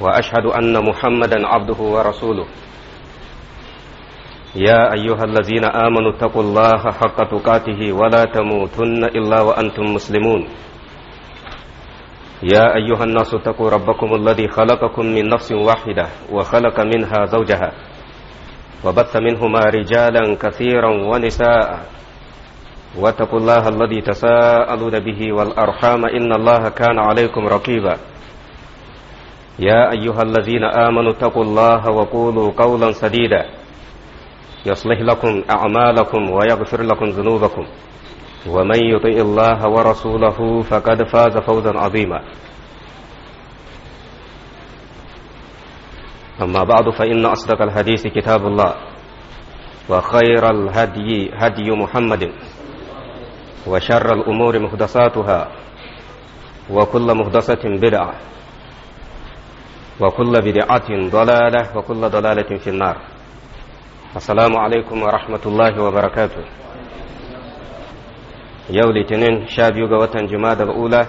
واشهد ان محمدا عبده ورسوله يا ايها الذين امنوا اتقوا الله حق تقاته ولا تموتن الا وانتم مسلمون يا ايها الناس اتقوا ربكم الذي خلقكم من نفس واحده وخلق منها زوجها وبث منهما رجالا كثيرا ونساء واتقوا الله الذي تساءلون به والارحام ان الله كان عليكم رقيبا يا أيها الذين آمنوا اتقوا الله وقولوا قولا سديدا يصلح لكم أعمالكم ويغفر لكم ذنوبكم ومن يطع الله ورسوله فقد فاز فوزا عظيما أما بعد فإن أصدق الحديث كتاب الله وخير الهدي هدي محمد وشر الأمور مهدساتها وكل مهدسة بدعة وكل بدعة ضلالة وكل ضلالة في النار السلام عليكم ورحمة الله وبركاته يوم الاثنين شاب يوغا جماد الأولى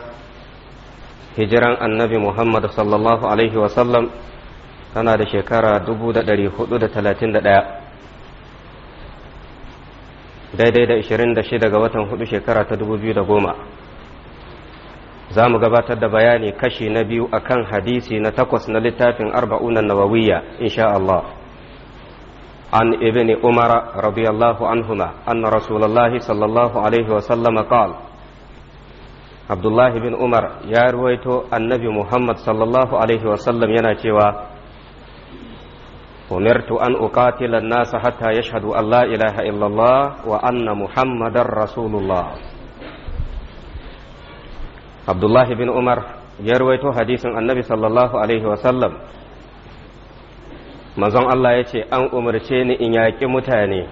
هجران النبي محمد صلى الله عليه وسلم tana da shekara dubu da ɗari hudu da talatin da ɗaya daidai da ishirin da shida ga watan hudu shekara ta dubu biyu da goma Zamu gabatar da bayani kashi na biyu a kan hadisi na takwas na littafin arba'unan nawawiya insha Allah an ibn umar radiyallahu anhuma anna rasulullahi sallallahu alaihi wa sallama qal abdullahi bin umar ya ruwaito annabi muhammad sallallahu alaihi wa sallam yana cewa Umartu an uqatila nasa hatta yashhadu an la ilaha illallah wa anna Muhammadan rasulullah abdullahi bin umar ya ruwaito hadisin annabi sallallahu alaihi wasallam manzon Allah ya ce an umarce ni in yaƙi mutane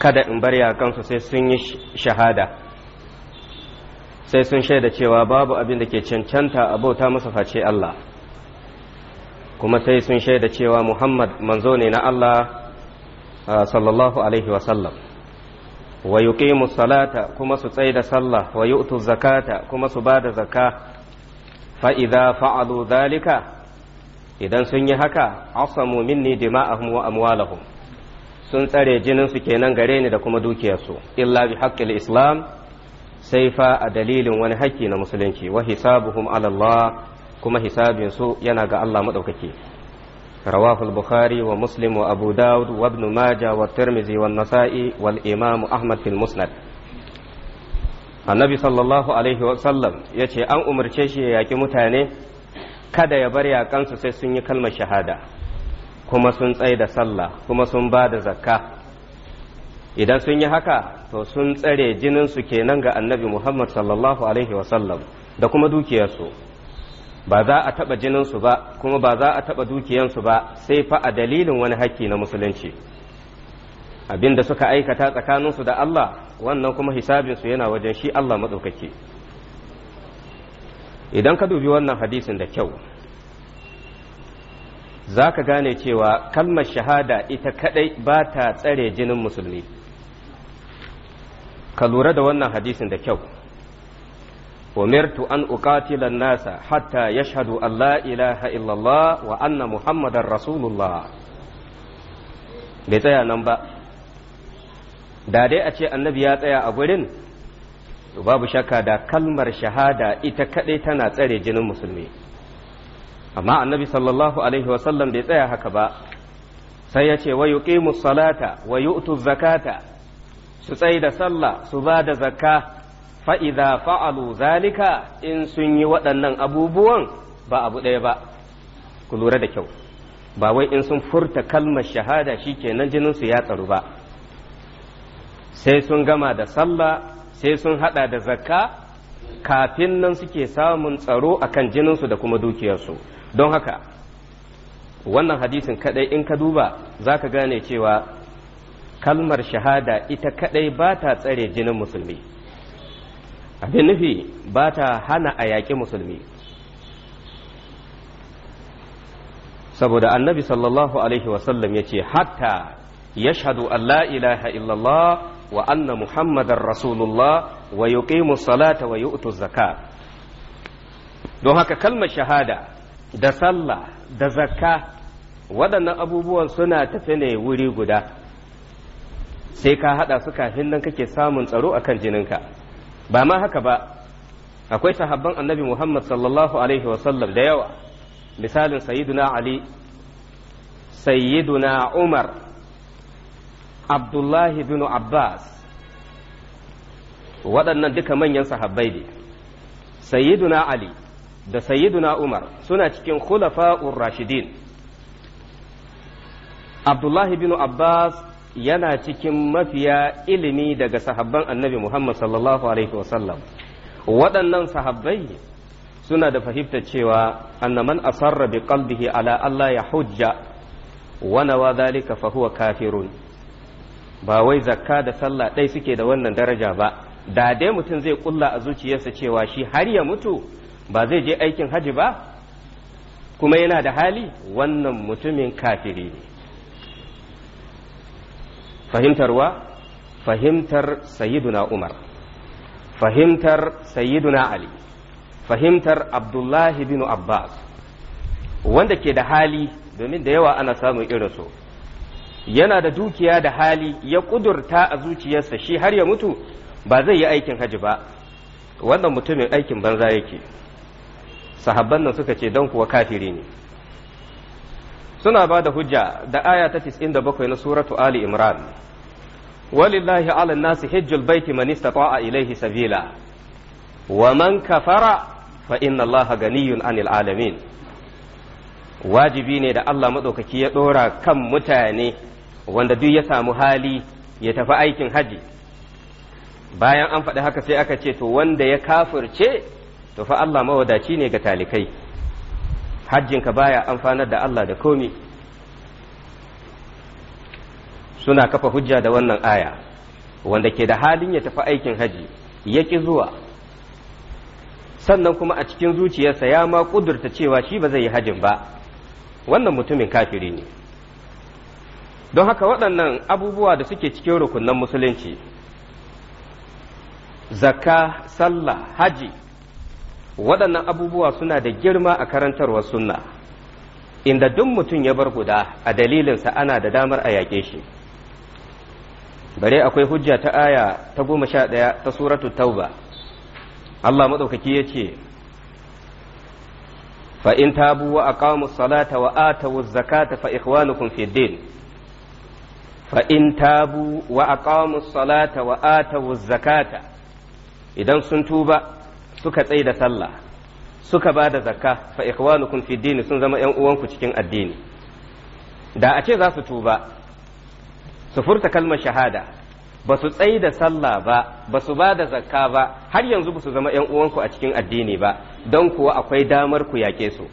kada in bar yaƙansu sai sun yi shahada sai sun shaida cewa babu abin da ke cancanta abota masa face Allah kuma sai sun shaida cewa Muhammad manzo ne na Allah sallallahu alaihi wasallam wa yuqimu salata kuma su tsaida sallah wa yu'tu zakata kuma su ba da zakka fa idza fa'alu dhalika idan sun yi haka asamu minni dima'ahum wa amwalahum sun tsare jinin su kenan gare ni da kuma dukiyarsu illa bi haqqil islam sai fa a dalilin wani haƙƙi na musulunci wa hisabuhum ala Allah kuma hisabin su yana ga Allah madaukake رواه البخاري ومسلم وابو داود وابن ماجه والترمذي والنسائي والامام احمد في المسند annabi sallallahu alaihi عليه وسلم يتي an umarce shi ya yaƙi mutane kada ya bar yaƙansu sai sun yi kalmar shahada kuma sun tsaye da sallah kuma sun ba da zakka idan sun yi haka to sun tsare jininsu kenan ga annabi muhammad sallallahu alaihi wasallam da kuma dukiyarsu ba za a taɓa jininsu ba kuma ba za a taɓa dukiyansu ba sai fa a dalilin wani haƙƙi na musulunci abin da suka aikata tsakaninsu da Allah wannan kuma hisabinsu yana wajen shi Allah maɗaukaki idan ka dubi wannan hadisin da kyau za ka gane cewa kalmar shahada ita kaɗai ba ta tsare jinin musulmi ka lura da wannan hadisin da kyau Omirtu an uqatila nasa hatta yashhadu an la ilaha illallah wa anna muhammadar rasulullah bai tsaya nan ba da dai a ce annabi ya tsaya a gurin babu shakka da kalmar shahada ita kadai tana tsare jinin musulmi amma annabi sallallahu alaihi wasallam bai tsaya haka ba sai ya ce wa yuqimu salata wa yu'tu zakata su tsaye sallah su ba da zakka fa'iza fa'alu zalika in sun yi waɗannan abubuwan ba abu ɗaya ba ku lura da kyau ba wai in sun furta kalmar shahada shi kenan jininsu ya tsaru ba sai sun gama da sallah sai sun haɗa da zakka kafin nan suke samun tsaro akan jininsu da kuma dukiyarsu don haka wannan hadisin kadai in ka duba za ka gane cewa kalmar shahada ita kadai ba ta tsare jinin musulmi abin nufi ba ta hana a yaƙi musulmi saboda annabi sallallahu alaihi wasallam ya ce hatta yashhadu an la ilaha illallah wa anna muhammadar rasulullah wa yuqimu salata wa yu'tu zaka don haka kalmar shahada da sallah da zakka waɗannan abubuwan suna tafe ne wuri guda sai ka haɗa su kafin nan kake samun tsaro akan jininka ba ma haka ba akwai sahabban annabi muhammad sallallahu alaihi wasallam da yawa misalin sayyiduna ali sayyiduna umar abdullahi bin abbas waɗannan duka manyan sahabbai ne sayyiduna ali da sayyiduna umar suna cikin khulafa'ur rashidin abdullahi bin abbas yana cikin mafiya ilimi daga sahabban annabi Muhammad sallallahu alaihi wasallam waɗannan sahabbai suna da fahimtar cewa annaman asarra bi qalbihi ala Allah ya hujja wa nawa fa huwa kafirun ba wai zakka da sallah ɗai suke da wannan daraja ba da dai mutum zai kulla a zuciyarsa cewa shi har ya mutu ba zai je aikin haji ba kuma yana da hali wannan mutumin kafiri ne fahimtarwa fahimtar sayyiduna umar fahimtar sayyiduna ali fahimtar abdullahi bin abbas wanda ke da hali domin da yawa ana samun irinsu yana da dukiya da hali ya kudurta a zuciyarsa shi har ya mutu ba zai yi aikin haji ba wannan mutumin aikin banza yake sahabban nan suka ce don kuwa kafiri ne suna ba da hujja da aya ta bakwai na suratu ali imran walillahi ala nasi hajjul baiti man istata'a ilaihi sabila wa man kafara fa inna allaha ganiyyun anil alamin wajibi ne da Allah madaukaki ya ɗora kan mutane wanda duk ya samu hali ya tafi aikin haji bayan an faɗi haka sai aka ce to wanda ya kafirce to fa Allah mawadaci ne ga talikai hajjinka baya amfanar da Allah da komi suna kafa hujja da wannan aya wanda ke da halin ya tafi aikin haji ya ƙi zuwa sannan kuma a cikin zuciyarsa ya ma kudurta cewa shi ba zai yi hajin ba wannan mutumin kafiri ne don haka waɗannan abubuwa da suke cikin rukunan musulunci zakka sallah haji waɗannan abubuwa suna da girma a karantarwa sunna inda duk mutum ya bar guda a dalilinsa ana da damar a yaƙe shi bare akwai hujja ta aya ta goma sha ɗaya ta suratu tauba Allah maɗaukaki ya ce fa'in tabu wa aqamu salata wa atawu zakata fa ikhwanukum fi din fa'in tabu wa aqamu salata wa atawu zakata idan sun tuba suka tsai da sallah suka ba da zakka fa ikhwanukum fi dini sun zama yan uwanku cikin addini da a ce za su tuba su furta kalmar shahada ba su tsai da sallah ba ba su ba da zakka ba har yanzu ba su zama yan uwanku a cikin addini ba don kuwa akwai damar ku yake su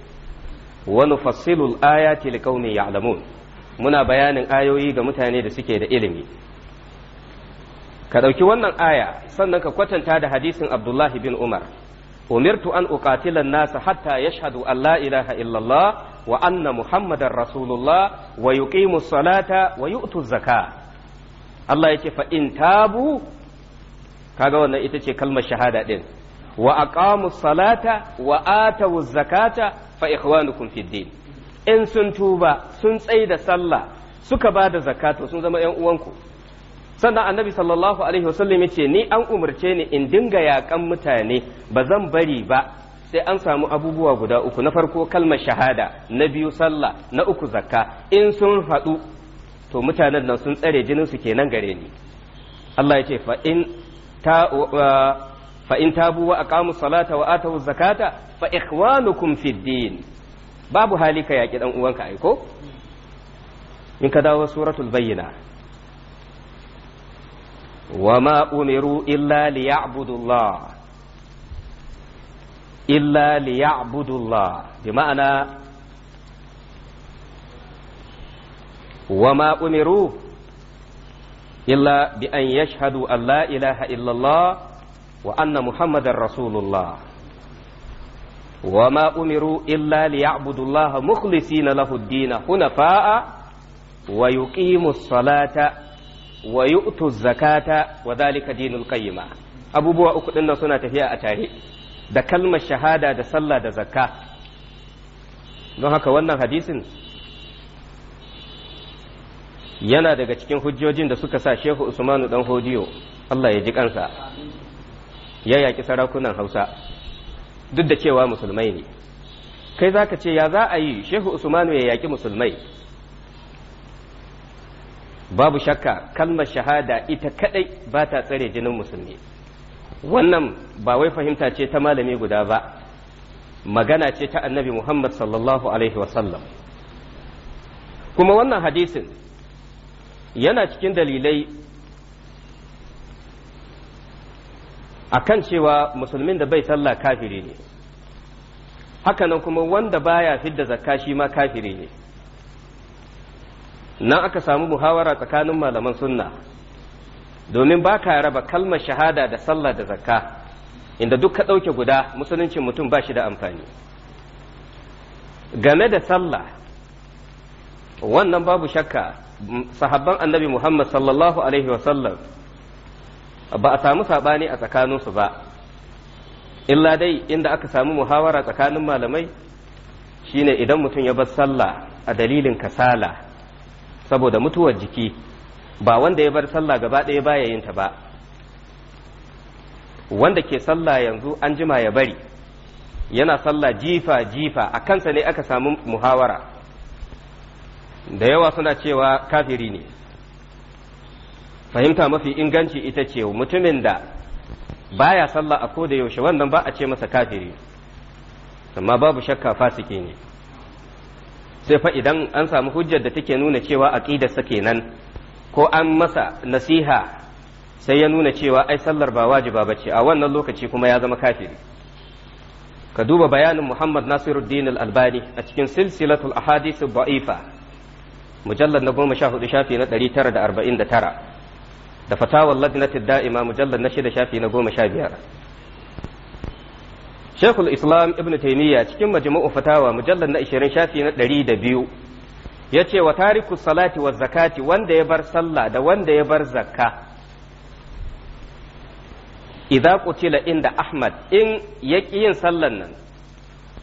wa nufassilu al-ayati liqaumin ya'lamun muna bayanin ayoyi ga mutane da suke da ilimi ka ɗauki wannan aya sannan ka kwatanta da hadisin abdullahi bin umar umirtu an uqatila nasa hatta yashhadu an la ilaha illallah wa anna muhammadar rasulullah wa yuqimu salata wa zaka Allah yake fa in tabu kaga wannan ita ce kalmar shahada din wa aqamu salata wa atawu zakata fa ikhwanukum fid in sun tuba sun tsaida sallah suka ba da zakato sun zama yan uwanku sannan annabi sallallahu alaihi wasallam yace ni an umarce ni in dinga yakan mutane ba zan bari ba sai an samu abubuwa guda uku na farko kalmar shahada na biyu sallah na uku zakka in sun haɗu to mutanen nan sun tsare jinin su kenan gare ni Allah yace fa in ta fa in tabu wa aqamu salata wa atu zakata fa ikhwanukum fid din babu hali ka yaki dan uwanka aiko in ka dawo suratul bayyina وما أمروا إلا ليعبدوا الله إلا ليعبدوا الله بمعنى وما أمروا إلا بأن يشهدوا أن لا إله إلا الله وأن محمد رسول الله وما أمروا إلا ليعبدوا الله مخلصين له الدين حنفاء ويقيموا الصلاة wa yu'tu zakata wa zalika dinul qayyima abubuwa uku dinnan suna tafiya a tare da kalmar shahada da sallah da zakka don haka wannan hadisin yana daga cikin hujjojin da suka sa shehu usmanu dan hodiyo Allah ya ji kansa ya yaki sarakunan hausa duk da cewa musulmai ne kai zaka ce ya za a yi shehu usmanu ya yaki musulmai babu shakka kalmar shahada ita kadai ba ta tsare jinin musulmi wannan ba wai fahimta ce ta malami guda ba magana ce ta annabi muhammad sallallahu alaihi wasallam kuma wannan hadisin yana cikin dalilai a kan cewa musulmin da bai sallah kafiri ne hakanan kuma wanda baya fidda zakka shi ma kafiri ne nan aka samu muhawara tsakanin malaman sunna domin ba ka raba kalmar shahada da sallah da zakka inda duk ka ɗauke guda musuluncin mutum ba shi da amfani game da sallah wannan babu shakka sahabban annabi muhammad sallallahu alaihi wasallam ba a samu saɓani a tsakaninsu ba illa dai inda aka samu muhawara tsakanin malamai shine idan mutum ya bar sallah a dalilin kasala saboda mutuwar jiki ba wanda ya bar sallah gaba ɗaya baya yin ta ba wanda ke sallah yanzu an jima ya bari yana sallah jifa jifa a kansa ne aka samu muhawara da yawa suna cewa kafiri ne fahimta mafi inganci ita ce mutumin da baya sallah a koda yaushe wannan ba a ce masa kafiri amma babu shakka fasiki ne sai fa idan an samu hujjar da take nuna cewa aqidarsa kenan ko an masa nasiha sai ya nuna cewa ai sallar ba wajiba bace a wannan lokaci kuma ya zama kafiri ka duba bayanin Muhammad Nasiruddin Al-Albani a cikin silsilatul ahadith da'ifa mujallad na 14 shafi na 949 da fatawar lajnatul da'ima mujallad na 6 shafi na 15 shekul islam ibn taimiyya cikin majmu'u fatawa mujallar na 20 shafi na 102 ya ce wa tariku salati wa zakati wanda ya bar sallah da wanda ya bar zakka idza qutila inda ahmad in yaki yin sallan nan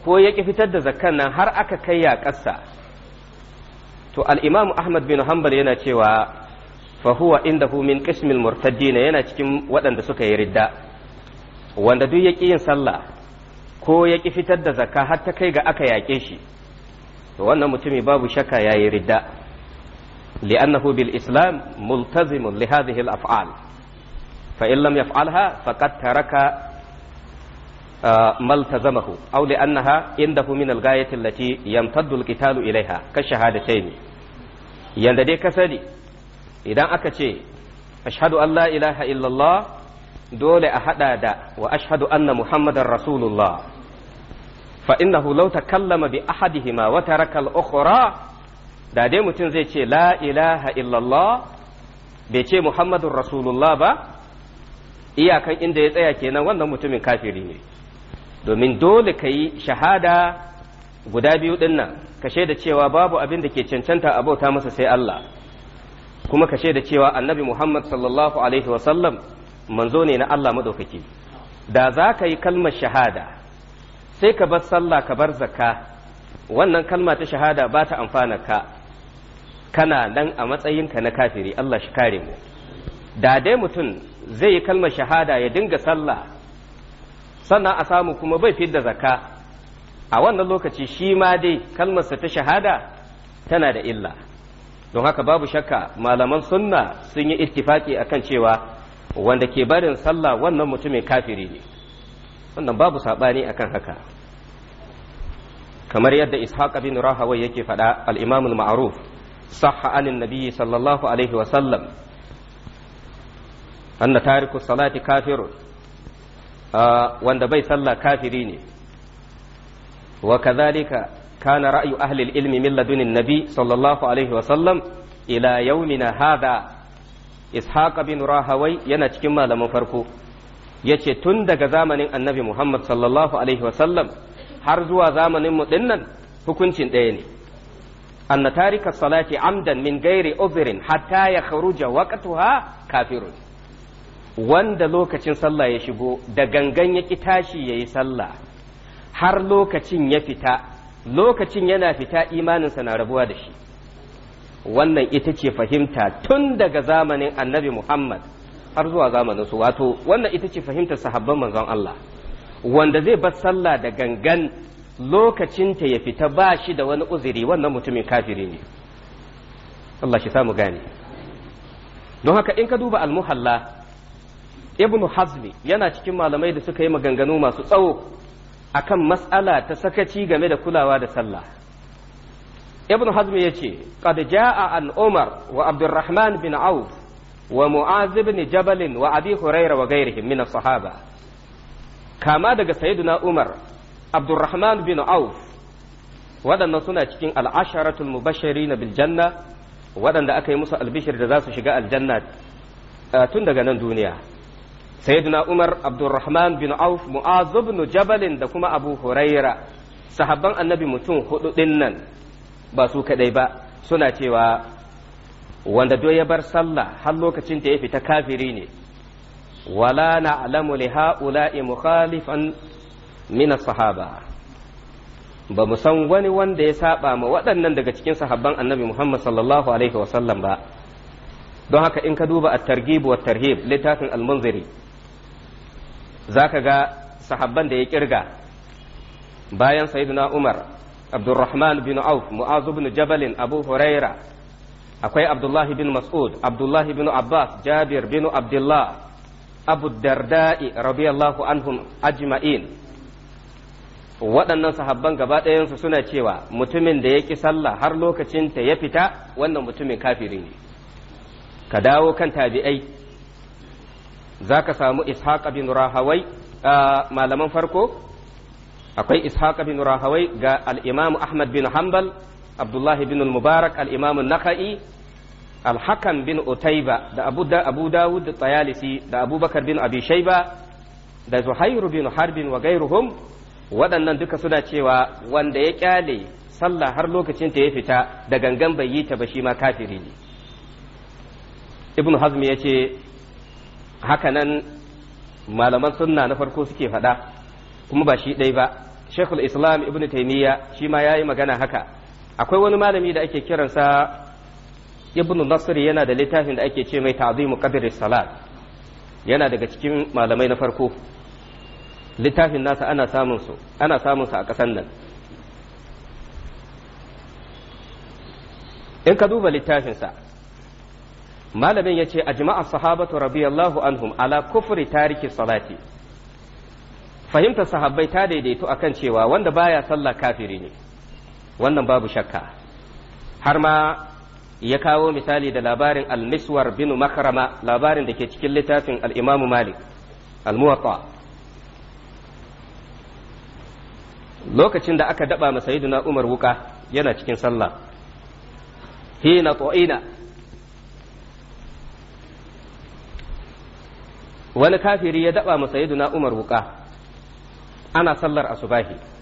ko yaki fitar da zakkan nan har aka kai ya ƙasa to al-imam ahmad bin hanbal yana cewa fa huwa indahu min qismil murtaddin yana cikin waɗanda suka yi ridda wanda duk yaki yin sallah ko ya ƙi fitar da zaka har ta kai ga aka yaƙe shi to wannan mutumi babu shakka yayi ridda li'annahu bil islam multazimun li hadhihi al af'al fa in lam yaf'alha faqad taraka ملتزمه أو لأنها عنده من الغاية التي يمتد القتال إليها كالشهادتين yanda dai ka sani idan aka ce ashhadu an la ilaha illallah dole a hada da wa ashhadu anna muhammadar rasulullah fa innahu law kallama bi ahadihima wa taraka al da dai mutum zai ce la ilaha illallah bai ce muhammadun rasulullah ba iyakan inda ya tsaya kenan wannan mutumin kafiri ne domin dole ka yi shahada guda biyu dinnan ka da cewa babu abin da ke cancanta a bauta masa sai Allah kuma ka da cewa annabi Muhammad sallallahu alaihi wasallam manzo ne na Allah madaukaki da za ka yi kalmar shahada sai ka bar sallah ka bar zakka wannan kalma ta shahada ba ta amfana ka kana nan a matsayinka na kafiri Allah shi kare mu da dai mutum zai yi kalmar shahada ya dinga sallah sannan a samu kuma bai da zakka a wannan lokaci shi ma dai kalmarsa ta shahada tana da illa don haka babu shakka malaman sunna sun yi ittifaki akan cewa wanda ke barin sallah wannan mutumin kafiri ne wannan babu saɓani akan haka kamar yadda ishaq bin rahawai yake faɗa al-imamul ma'ruf sahha anin nabiyyi sallallahu alaihi wa sallam anna tariku salati kafiru wanda bai sallah kafiri ne wa kadhalika kana ra'yu ahli ilmi min ladunin nabi sallallahu alaihi wa sallam ila yawmina hadha ishaq bin rahawai yana cikin malaman farko yace tun daga zamanin annabi Muhammad sallallahu alaihi wasallam har zuwa zamanin mu dinnan hukuncin ɗaya ne anna tarika salati amdan min gairi uzrin hatta ya kharuja waqtuha kafirun wanda lokacin sallah ya shigo da gangan ya tashi yayi sallah har lokacin ya fita lokacin yana fita imaninsa na rabuwa da shi wannan ita ce fahimta tun daga zamanin annabi Muhammad har zuwa zamanin su wato wannan ita ce fahimtar sahabban manzon Allah wanda zai bar sallah da gangan lokacinta ya fita ba shi da wani uzuri wannan mutumin kafiri ne Allah shi samu gane don haka in ka duba almuhalla ibn hazmi yana cikin malamai da suka yi maganganu masu tsawo akan mas'ala ta sakaci game da kulawa da sallah ibn hazmi ya ce qad jaa an umar wa abdurrahman bin auf wa mu'az ibn jabal wa abi huraira wa ghairihim min as-sahaba kama daga sayyiduna umar Abdulrahman bin auf waɗannan suna cikin al'asharatul mubashiri na biljanna waɗanda aka yi musu albishir da za su shiga aljanna eh, tun daga nan duniya sayyiduna umar Abdulrahman bin auf mu'az ibn jabalin da kuma abu huraira sahabban annabi mutum huɗu ɗin nan ba su kaɗai ba suna cewa wanda do ya bar sallah har lokacin da ya fita kafiri ne wala na'lamu li ha'ula'i mukhalifan min sahaba ba mu san wani wanda ya saba ma waɗannan daga cikin sahabban annabi Muhammad sallallahu alaihi wasallam ba don haka in ka duba at-targhib wa tarhib littafin al-munziri zaka ga sahabban da ya kirga bayan sayyidina Umar Abdurrahman bin Auf Mu'az bin Jabal Abu Huraira akwai abdullahi bin mas'ud abdullahi bin abbas jabir bin abdullah abu darda'i radiyallahu anhum ajma'in waɗannan sahabban gaba ɗayansu suna cewa mutumin da ya ƙi sallah har lokacin ta ya fita wannan mutumin kafiri ne ka dawo kan tabi'ai za ka samu ishaq bin rahawai malaman farko akwai ishaq bin rahawai ga al'imamu ahmad bin hanbal abdullahi bin mubarak al-imam naka'i alhakan bin utaiba da abu dawud da tayalisi da abubakar bin abi shaiba da zuhairu bin harbin wa gairuhum waɗannan duka suna cewa wanda ya ƙyale sallah har lokacin ta ya fita da gangan bai yi ta ba shi ma kafiri ne ibn hazm ya ce hakanan malaman sunna na farko suke faɗa kuma ba shi ɗai ba sheikhul islam ibn taimiyya shi ma ya yi magana haka akwai wani malami da ake kiransa ibnu nasr yana da littafin da ake ce mai ta'zimu qadri salat yana daga cikin malamai na farko littafin nasa ana samun su ana samun sa a ƙasar nan in ka duba littafin sa malamin yace ajma'a sahabatu radiyallahu anhum ala kufri tariki salati fahimtar sahabbai ta daidaito akan cewa wanda baya sallah kafiri ne wannan babu shakka har ma ya kawo misali da labarin al bin makrama labarin da ke cikin littafin al-imamu malik al-muwatta lokacin da aka daba masa sayyiduna umar wuka yana cikin sallah hina tu'ina wani kafiri ya daba masa na umar wuka ana sallar asubahi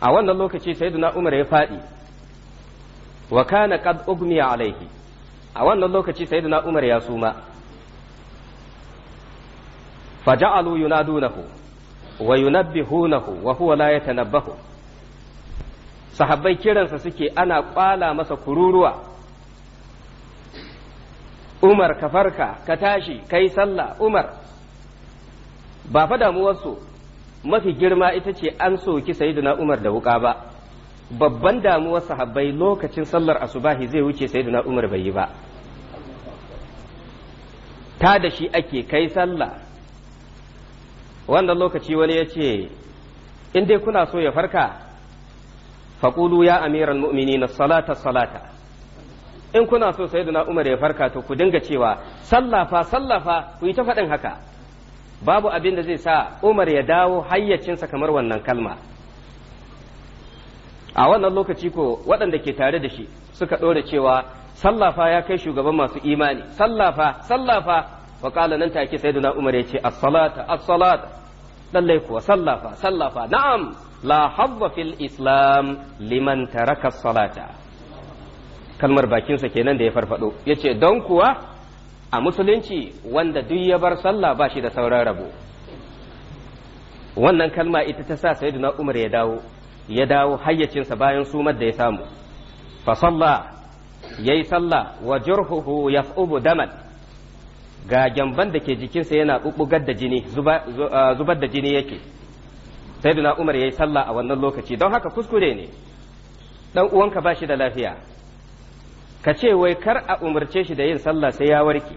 a wannan lokaci sayyiduna umar ya faɗi wa kana qad ugmiya alaihi a wannan lokaci sayyiduna umar ya suma faja'alu yunadunahu wa yunabbihunahu wa huwa la yatanabbahu sahabbai kiransa suke ana kwala masa kururuwa Umar ka farka ka tashi kai sallah Umar ba fa damuwarsu mafi girma ita ce an soki sayyidina Umar da wuka ba babban damuwar sahabbai lokacin sallar asubahi zai wuce sayyidina Umar bai yi ba ta da shi ake kai sallah wannan lokaci wani ya ce in dai kuna so ya farka faƙulu ya amiran na salata salata in kuna so sayyidina Umar ya farka to ku dinga cewa sallafa sallafa ku yi ta faɗin haka babu abin da zai sa Umar ya dawo hayyacinsa kamar wannan kalma a wannan lokaci ko waɗanda ke tare da shi suka ɗora cewa sallafa ya kai shugaban masu imani sallafa sallafa wa qala nan take duna Umar ya ce as-salata as-salata lallai kuwa sallafa sallafa na'am la habba fil islam liman taraka salata kalmar bakinsa kenan da ya farfado yace don kuwa a musulunci wanda duk ya bar sallah ba shi da sauran rabo wannan kalma ita ta sa sayyidina umar ya dawo ya dawo hayyacinsa bayan sumar da ya samu fa ya yayi sallah wa jurhuhu yaf'ubu daman ga gyamban da ke jikinsa yana bubbugar da jini zubar da jini yake sayyidina umar yayi sallah a wannan lokaci don haka kuskure ne dan uwanka ba shi da lafiya ka ce wai kar a umarce shi da yin sallah sai ya warke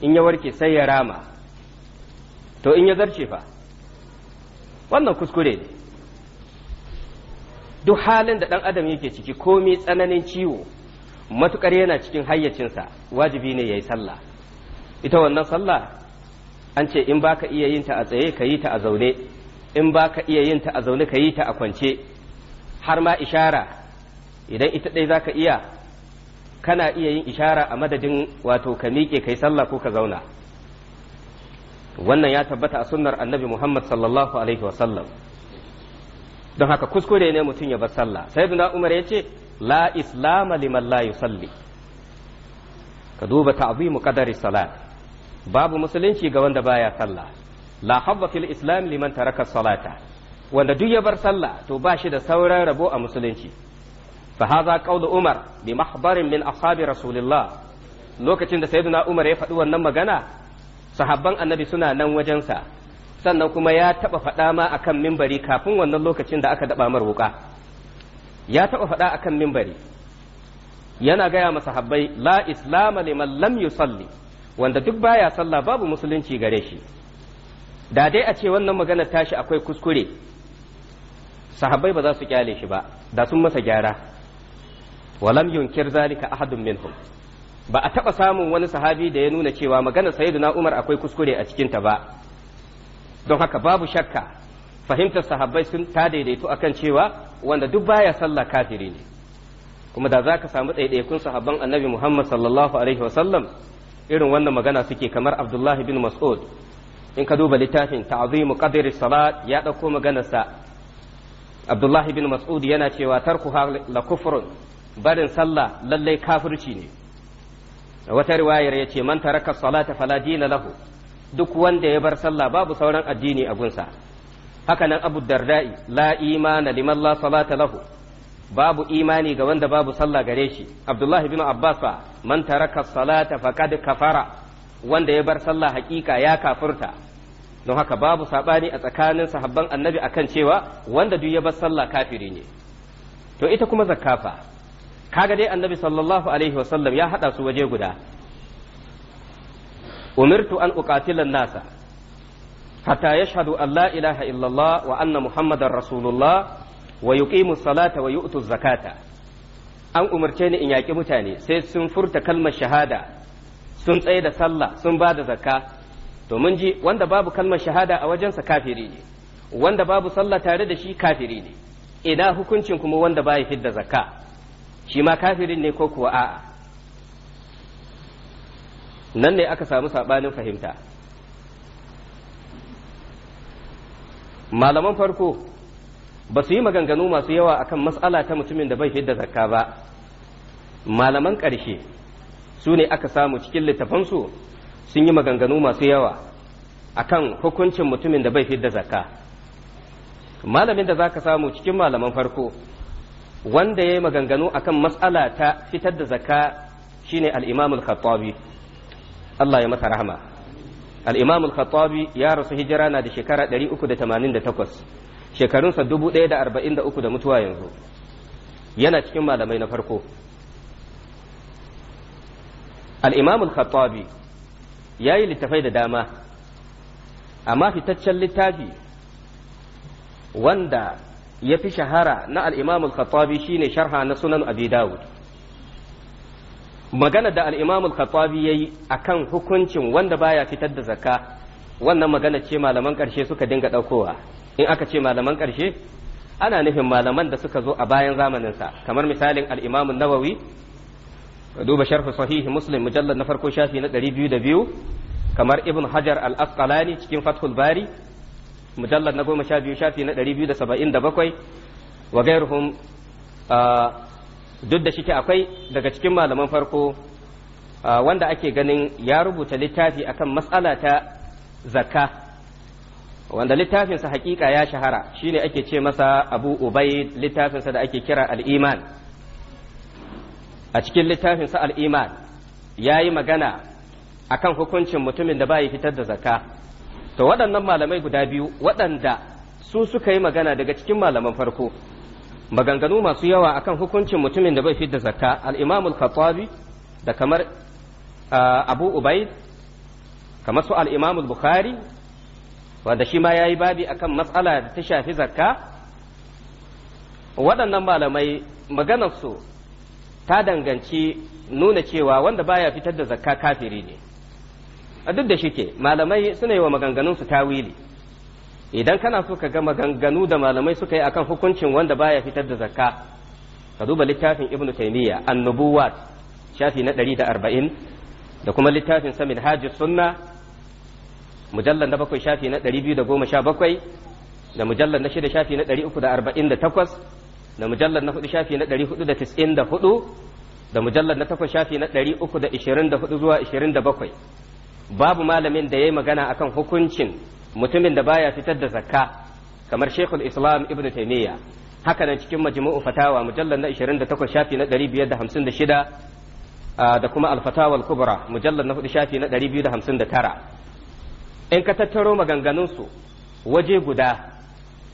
in ya warke sai ya rama to in ya zarce fa wannan kuskure ne duk halin da ɗan adam yake ciki komi tsananin ciwo matuƙar yana cikin hayyacinsa wajibi ne ya yi sallah ita wannan sallah an ce in ba ka iya yin ta a tsaye ka yi ta a zaune in ba ka iya yin ta a zaune ka yi ta a kwance har ma ishara idan ita ɗai ka iya kana iya yin ishara a madadin wato ka miƙe kai sallah ko ka zauna wannan ya tabbata a sunnar annabi muhammad sallallahu alaihi sallam don haka kuskure ne mutum ya bar sallah sai umar ya ce la islama liman la yusalli ka duba ta'zimu qadari salat babu musulunci ga wanda baya sallah la habba fil islam liman taraka salata wanda duk ya bar sallah to ba shi da sauran rabo a musulunci فهذا قول عمر umar من اصحاب min ashabi rasulillah lokacin da sayyiduna umar ya faɗi wannan magana sahabban annabi suna nan wajen sa sannan kuma ya taɓa faɗa ma akan mimbari kafin wannan lokacin da aka daɓa mar wuƙa ya taɓa faɗa akan mimbari yana gaya masa sahabbai la islama liman lam yusalli wanda duk baya sallah babu musulunci gare shi da dai a ce wannan magana tashi akwai kuskure sahabbai ba za su kyale shi ba da sun masa gyara walam yunkir zalika ahadun minhu ba a taɓa samun wani sahabi da ya nuna cewa magana sayyiduna umar akwai kuskure a cikinta ba don haka babu shakka fahimtar sahabbai sun ta daidaito akan cewa wanda duk baya sallah kafiri ne kuma da za ka samu ɗaiɗaikun sahabban annabi muhammad sallallahu alaihi wasallam irin wannan magana suke kamar abdullahi bin mas'ud in ka duba littafin ta'zimu qadri salat ya ɗauko maganarsa abdullahi bin mas'ud yana cewa tarkuha la kufrun barin sallah lallai kafirci ne wata riwayar ya ce man taraka salata fala dina lahu duk wanda ya bar sallah babu sauran addini a gunsa nan abu darda'i la imana liman la salata lahu babu imani ga wanda babu sallah gare shi abdullahi bin abbas fa man taraka salata faqad kafara wanda ya bar sallah hakika ya kafurta don haka babu sabani a tsakanin sahabban annabi akan cewa wanda duk ya bar sallah kafiri ne to ita kuma zakafa kaga dai annabi sallallahu alaihi wasallam ya haɗa su waje guda umirtu an uqatilan nasa hatta yashhadu an la ilaha illallah wa anna muhammadar rasulullah wa yuqimu salata wa yu'tu zakata an umarce ni in yaƙi mutane sai sun furta kalmar shahada sun tsaye da sallah sun ba da zakka to mun ji wanda babu kalmar shahada a wajensa kafiri ne wanda babu sallah tare da shi kafiri ne ina hukuncin kuma wanda baya fidda zakka shi ma kafirin ne ko kuwa a'a nan ne aka samu saɓanin fahimta malaman farko ba su yi maganganu masu yawa akan matsala ta mutumin da bai fidda zakka ba malaman ƙarshe su ne aka samu cikin littafansu sun yi maganganu masu yawa akan hukuncin mutumin da bai fidda zakka malamin da za ka samu cikin malaman farko wanda ya yi maganganu a kan matsala ta fitar da zakka shine al-imam al-khattabi Allah ya masa rahama al-imam al-khattabi ya rasu hijira na da shekara 388 shekarunsa 1043 da mutuwa yanzu yana cikin malamai na farko al-imam al-khattabi ya yi littafai da dama amma fitaccen littafi wanda ya fi shahara na al'imam al-khattabi ne sharha na sunan abi dawud magana da al'imam al-khattabi ya yi a kan hukuncin wanda baya fitar da zakka wannan magana ce malaman ƙarshe suka dinga ɗaukowa in aka ce malaman ƙarshe ana nufin malaman da suka zo a bayan zamaninsa kamar misalin al'imam nawawi duba sharhu sahihi muslim mujallar na farko shafi na 202 kamar ibn hajar al-asqalani cikin fathul bari mujallar na goma sha biyu shafi na ɗari biyu da saba'in da bakwai wa gairuhum duk da shike akwai daga cikin malaman farko wanda ake ganin ya rubuta littafi akan matsala ta zakka wanda littafinsa hakika ya shahara shine ake ce masa abu ubai littafinsa da ake kira al'iman a cikin littafinsa al'iman ya yi magana akan hukuncin mutumin da ba bai fitar da zakka to waɗannan malamai guda biyu waɗanda su suka yi magana daga cikin malaman farko maganganu masu yawa akan hukuncin mutumin da bai da zakka al-imamul khattabi da kamar abu ubaid kamar su al bukhari wanda shi ma yayi babi akan matsala da ta shafi zakka waɗannan malamai maganarsu ta danganci nuna cewa wanda baya fitar da zakka kafiri ne A duk da shike malamai suna yi wa maganganun su tawili idan kana so ka ga maganganu da malamai suka yi akan hukuncin wanda baya fitar da zakka ka duba littafin ibnu taymiya annubuwat shafi na 140 da kuma littafin samin hajji sunna mujallar na bakwai shafi na 217 da mujallar na shida shafi na 348 da mujallar na hudu shafi na 494 da mujallar na takwas shafi na 324 zuwa 27 babu malamin da ya yi magana akan hukuncin mutumin da baya fitar da zakka kamar Sheikhul Islam Ibn Taymiyyah haka nan cikin majmu'u fatawa mujallal na 28 shafi na 556 da kuma al-fatawa al-kubra mujallar na 4 shafi na 259 in ka tattaro maganganun waje guda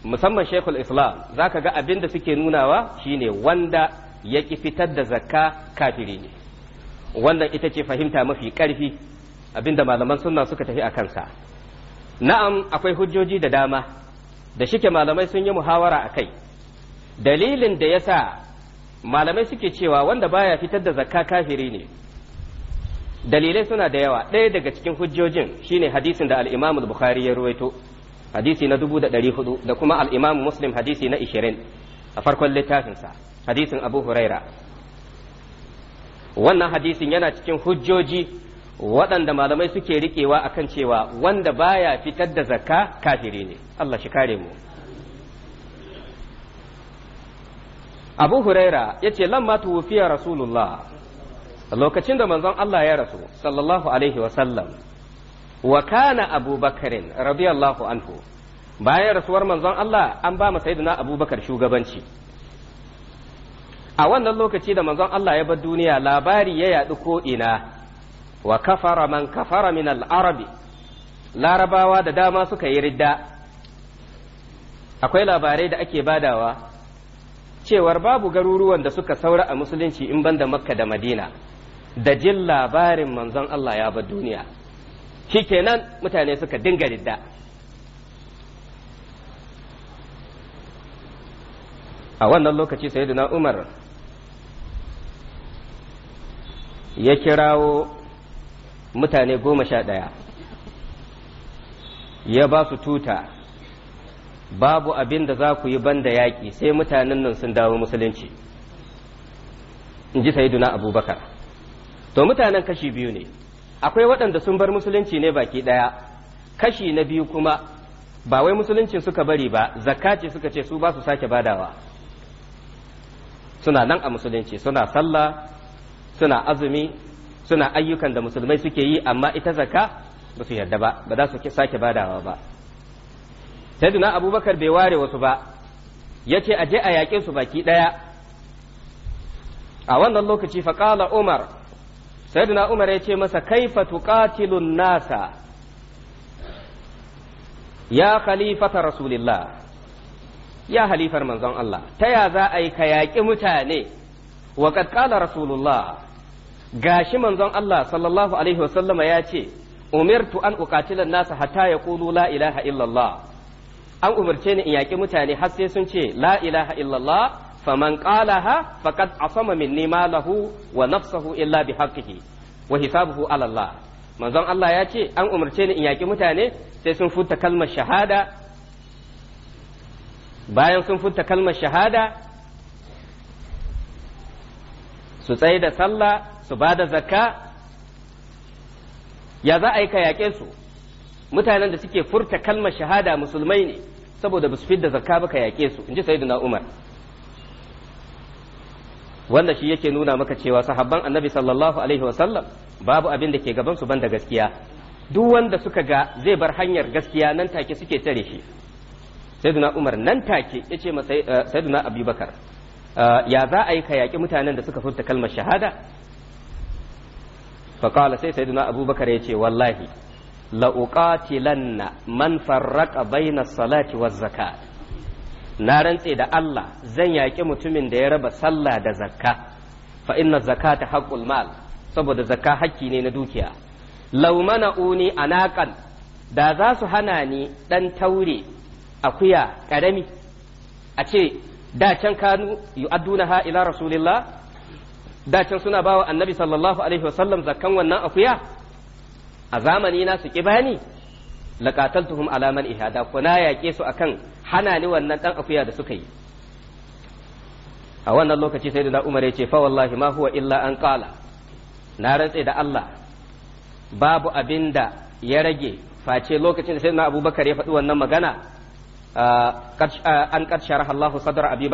musamman Sheikhul Islam zaka ga abin da suke nunawa shine wanda ya ki fitar da zakka kafiri ne wannan ita ce fahimta mafi ƙarfi abinda malaman sunna suka tafi a kansa na'am akwai hujjoji da dama da shike malamai sun yi muhawara a kai dalilin da ya sa malamai suke cewa wanda baya fitar da zakka kafiri ne dalilai suna da yawa ɗaya daga cikin hujjojin shine hadisin da al-Imam Bukhari ya ruwaito hadisi na dubu da kuma al Muslim hadisi na ishirin a farkon littafinsa hadisin Abu Huraira wannan hadisin yana cikin hujjoji waɗanda malamai suke riƙewa a kan cewa wanda baya fitar da zakka kafiri ne Allah shi kare mu Abu Huraira ya ce lamma tuwufiya Rasulullah lokacin da manzon Allah ya rasu sallallahu alaihi wa sallam wa kana Abu Bakarin radiyallahu anhu bayan rasuwar manzon Allah an ba sayyidina Abu Bakar shugabanci a wannan lokaci da manzon Allah ya bar duniya labari ya yaɗu ko ina wa kafara man kafara min al larabawa da dama suka yi ridda akwai labarai da ake badawa cewa babu garuruwan da suka saura a musulunci in banda makka da madina da jin labarin manzon Allah ya bar duniya shikenan mutane suka dinga ridda a wannan lokaci sayyidina Umar ya kirawo mutane goma sha ɗaya ya ba su tuta babu abin da za ku yi banda yaƙi sai mutanen nan sun dawo musulunci in ji sayiduna abubakar to mutanen kashi biyu ne akwai waɗanda sun bar musulunci ne baki ɗaya kashi na biyu kuma ba wai musuluncin suka bari ba zakka suka ce su ba su sake badawa suna nan a musulunci suna sallah suna azumi suna ayyukan da musulmai suke yi amma ita zaka ba su yarda ba ba za su sake badawa ba duna abubakar bai ware wasu ba ya ce a je a yaƙinsu su baki ɗaya a wannan lokaci faƙala umar duna umar ya ce masa kaifa tuqatilun nasa ya khalifata rasulillah ya halifar manzon Allah ta ya za a yi ka yaƙi mutane wa rasulullah gashi manzon Allah sallallahu alaihi wasallama ya ce umirtu an uqatilan nasa hatta yaqulu la ilaha illallah an umarce ni in yaki mutane har sai sun ce la ilaha illallah faman qalaha faqad asama minni malahu wa nafsahu illa bihaqqihi wa hisabuhu ala Allah manzon Allah ya ce an umarce ni in yaki mutane sai sun futa kalmar shahada bayan sun futa kalmar shahada su tsaye da sallah su ba da zakka ya za a yi ka yaƙe su mutanen da suke furta kalmar shahada musulmai ne saboda ba su fidda zakka ba ka yaƙe su in ji sayyidina umar wanda shi yake nuna maka cewa sahabban annabi sallallahu alaihi wasallam babu abin da ke gaban su banda gaskiya duk wanda suka ga zai bar hanyar gaskiya nan take suke tare shi sayyiduna umar nan take yace ma eh, sayyiduna abubakar eh, ya za a yi ka yaƙi mutanen da suka furta kalmar shahada فقال سيدنا أبو بكر يتي والله لأقاتلن من فرق بين الصلاة والزكاة نارن سيدة الله زن يأكي متمن ديرب صلى دا زكاة فإن الزكاة حق المال saboda zakka hakki ne na dukiya Laumana'uni mana uni anakan da za su hana ni ɗan taure akuya ƙarami. a ce da can kanu yu'addunaha ila rasulillah Da can suna bawa annabi sallallahu alaihi wasallam zakkan wannan akuya a zamani na su ki bani laqataltuhum ala man ihada kuna yake su akan hana ni wannan dan akuya da suka yi a wannan lokaci sai da Umar ya ce fa wallahi ma huwa illa an qala na rantse da Allah babu abinda ya rage face lokacin da sai na Abubakar ya faɗi wannan magana an qad Allahu sadra Abi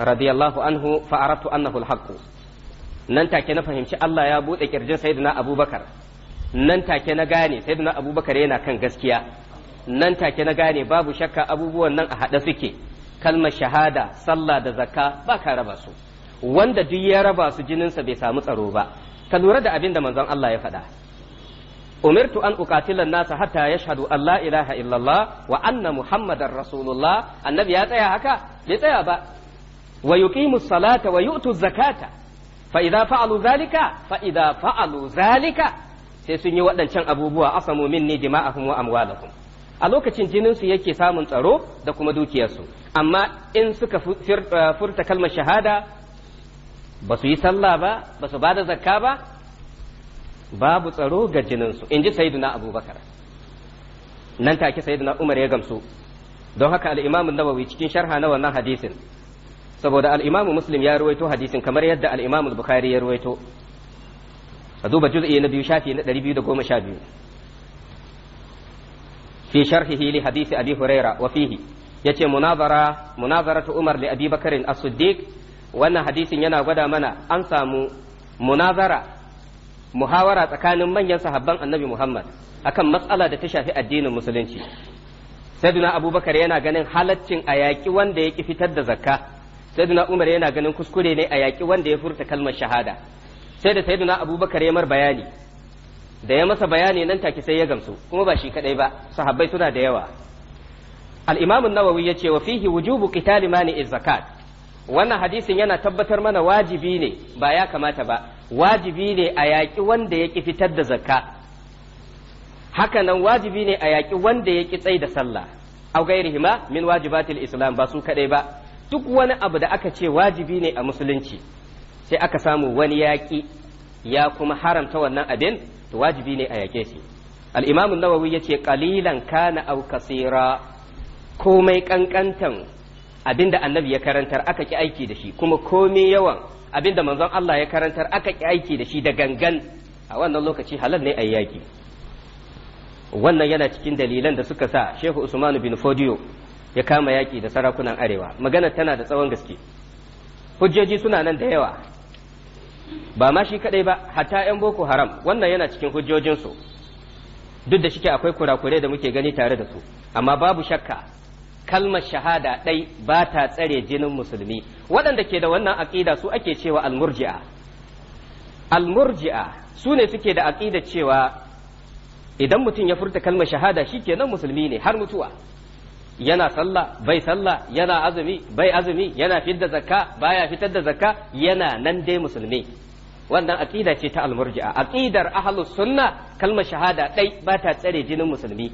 radiyallahu anhu fa'aratu aratu annahu alhaq nan take na fahimci Allah ya bude kirjin sayyidina Abubakar nan take na gane sayyidina Abubakar yana kan gaskiya nan take na gane babu shakka abubuwan nan a hada suke kalmar shahada sallah da zakka ba ka raba su wanda duk ya raba su jininsa bai samu tsaro ba ka lura da abin da manzon Allah ya faɗa umirtu an uqatila nasa hatta yashhadu an la ilaha illallah wa anna muhammadar rasulullah annabi ya tsaya haka bai tsaya ba wa musalata salata zakata fa idza fa'alu zalika sai sun yi waɗancan abubuwa asamu minni dima'ahum wa amwalahum a lokacin jininsu su yake samun tsaro da kuma dukiyarsu amma in suka eh, furta kalmar shahada ba su yi sallah ba ba su zakka ba babu tsaro ga jininsu in ji sayyiduna abubakar nan take sayyiduna umar ya gamsu don haka al-imam an-nawawi cikin sharha na wannan hadisin saboda al'imamu imam Muslim ya ruwaito hadisin kamar yadda al'imamu imam Bukhari ya ruwaito a duba juz'i na biyu shafi na biyu. fi sharhi hili hadisi Abi Huraira wa fihi yace munazara ta Umar li Abi Bakr as wannan hadisin yana gwada mana an samu munazara muhawara tsakanin manyan sahabban Annabi Muhammad akan matsala da ta shafi addinin musulunci sayyidina abubakar yana ganin halaccin a yaƙi wanda ya ƙi fitar da zakka sayyidina umar yana ganin kuskure ne a yaƙi wanda ya furta kalmar shahada sai da sayyidina abubakar ya mar bayani da ya masa bayani nan take sai ya gamsu kuma ba shi kadai ba sahabbai suna da yawa al-imam an-nawawi yace wa fihi wujubu qitali mani zakat wannan hadisin yana tabbatar mana wajibi ne ba ya kamata ba wajibi ne a yaƙi wanda ya ki fitar da zakka haka nan wajibi ne a yaƙi wanda ya ki tsai da sallah au gairihima min wajibatil islam ba su kadai ba duk wani abu da aka ce wajibi ne a musulunci sai aka samu wani yaƙi ya kuma haramta wannan abin to wajibi ne a yaƙe shi al'imamun nawawi ya ce ƙalilan kana au kasira komai ƙanƙantan abinda annabi ya karantar aka ƙi aiki da shi kuma komai yawan abinda manzon Allah ya karantar aka ƙi aiki da shi da gangan a wannan lokaci halal ne a yaƙi wannan yana cikin dalilan da suka sa Shehu Usmanu bin Fodiyo ya kama yaƙi da sarakunan arewa magana tana da tsawon gaske hujjoji suna nan da yawa ba ma shi kaɗai ba hatta 'yan boko haram wannan yana cikin hujjojinsu duk da shike akwai kurakure da muke gani tare da su amma babu shakka kalmar shahada ɗai ba ta tsare jinin musulmi waɗanda ke da wannan aƙida su ake cewa almurji'a almurji'a su ne suke da aƙida cewa idan mutum ya furta kalmar shahada shi kenan musulmi ne har mutuwa yana sallah bai sallah yana azumi bai azumi yana fidda zakka baya fitar da zakka yana nan dai musulmi wannan aqida ce ta almurji'a aqidar ahlus sunna kalmar shahada dai ba ta tsare jinin musulmi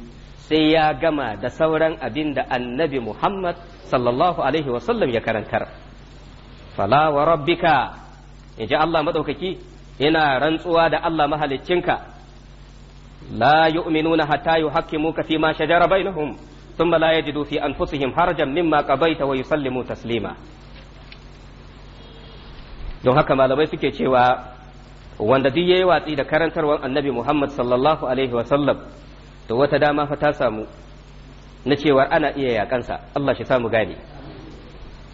sai ya gama da sauran abin da annabi Muhammad sallallahu alaihi wasallam ya karantar fala wa rabbika inji Allah madaukaki ina rantsuwa da Allah mahaliccinka la yu'minuna hatta yuhaqqimuka fi ma shajara bainahum ثم لا يجدوا في أنفسهم حرجا مما قضيت ويسلموا تسليما don haka malamai suke cewa wanda duk yayi watsi da karantarwar annabi Muhammad sallallahu alaihi sallam to wata dama fa ta samu na cewar ana iya yakansa Allah shi samu gane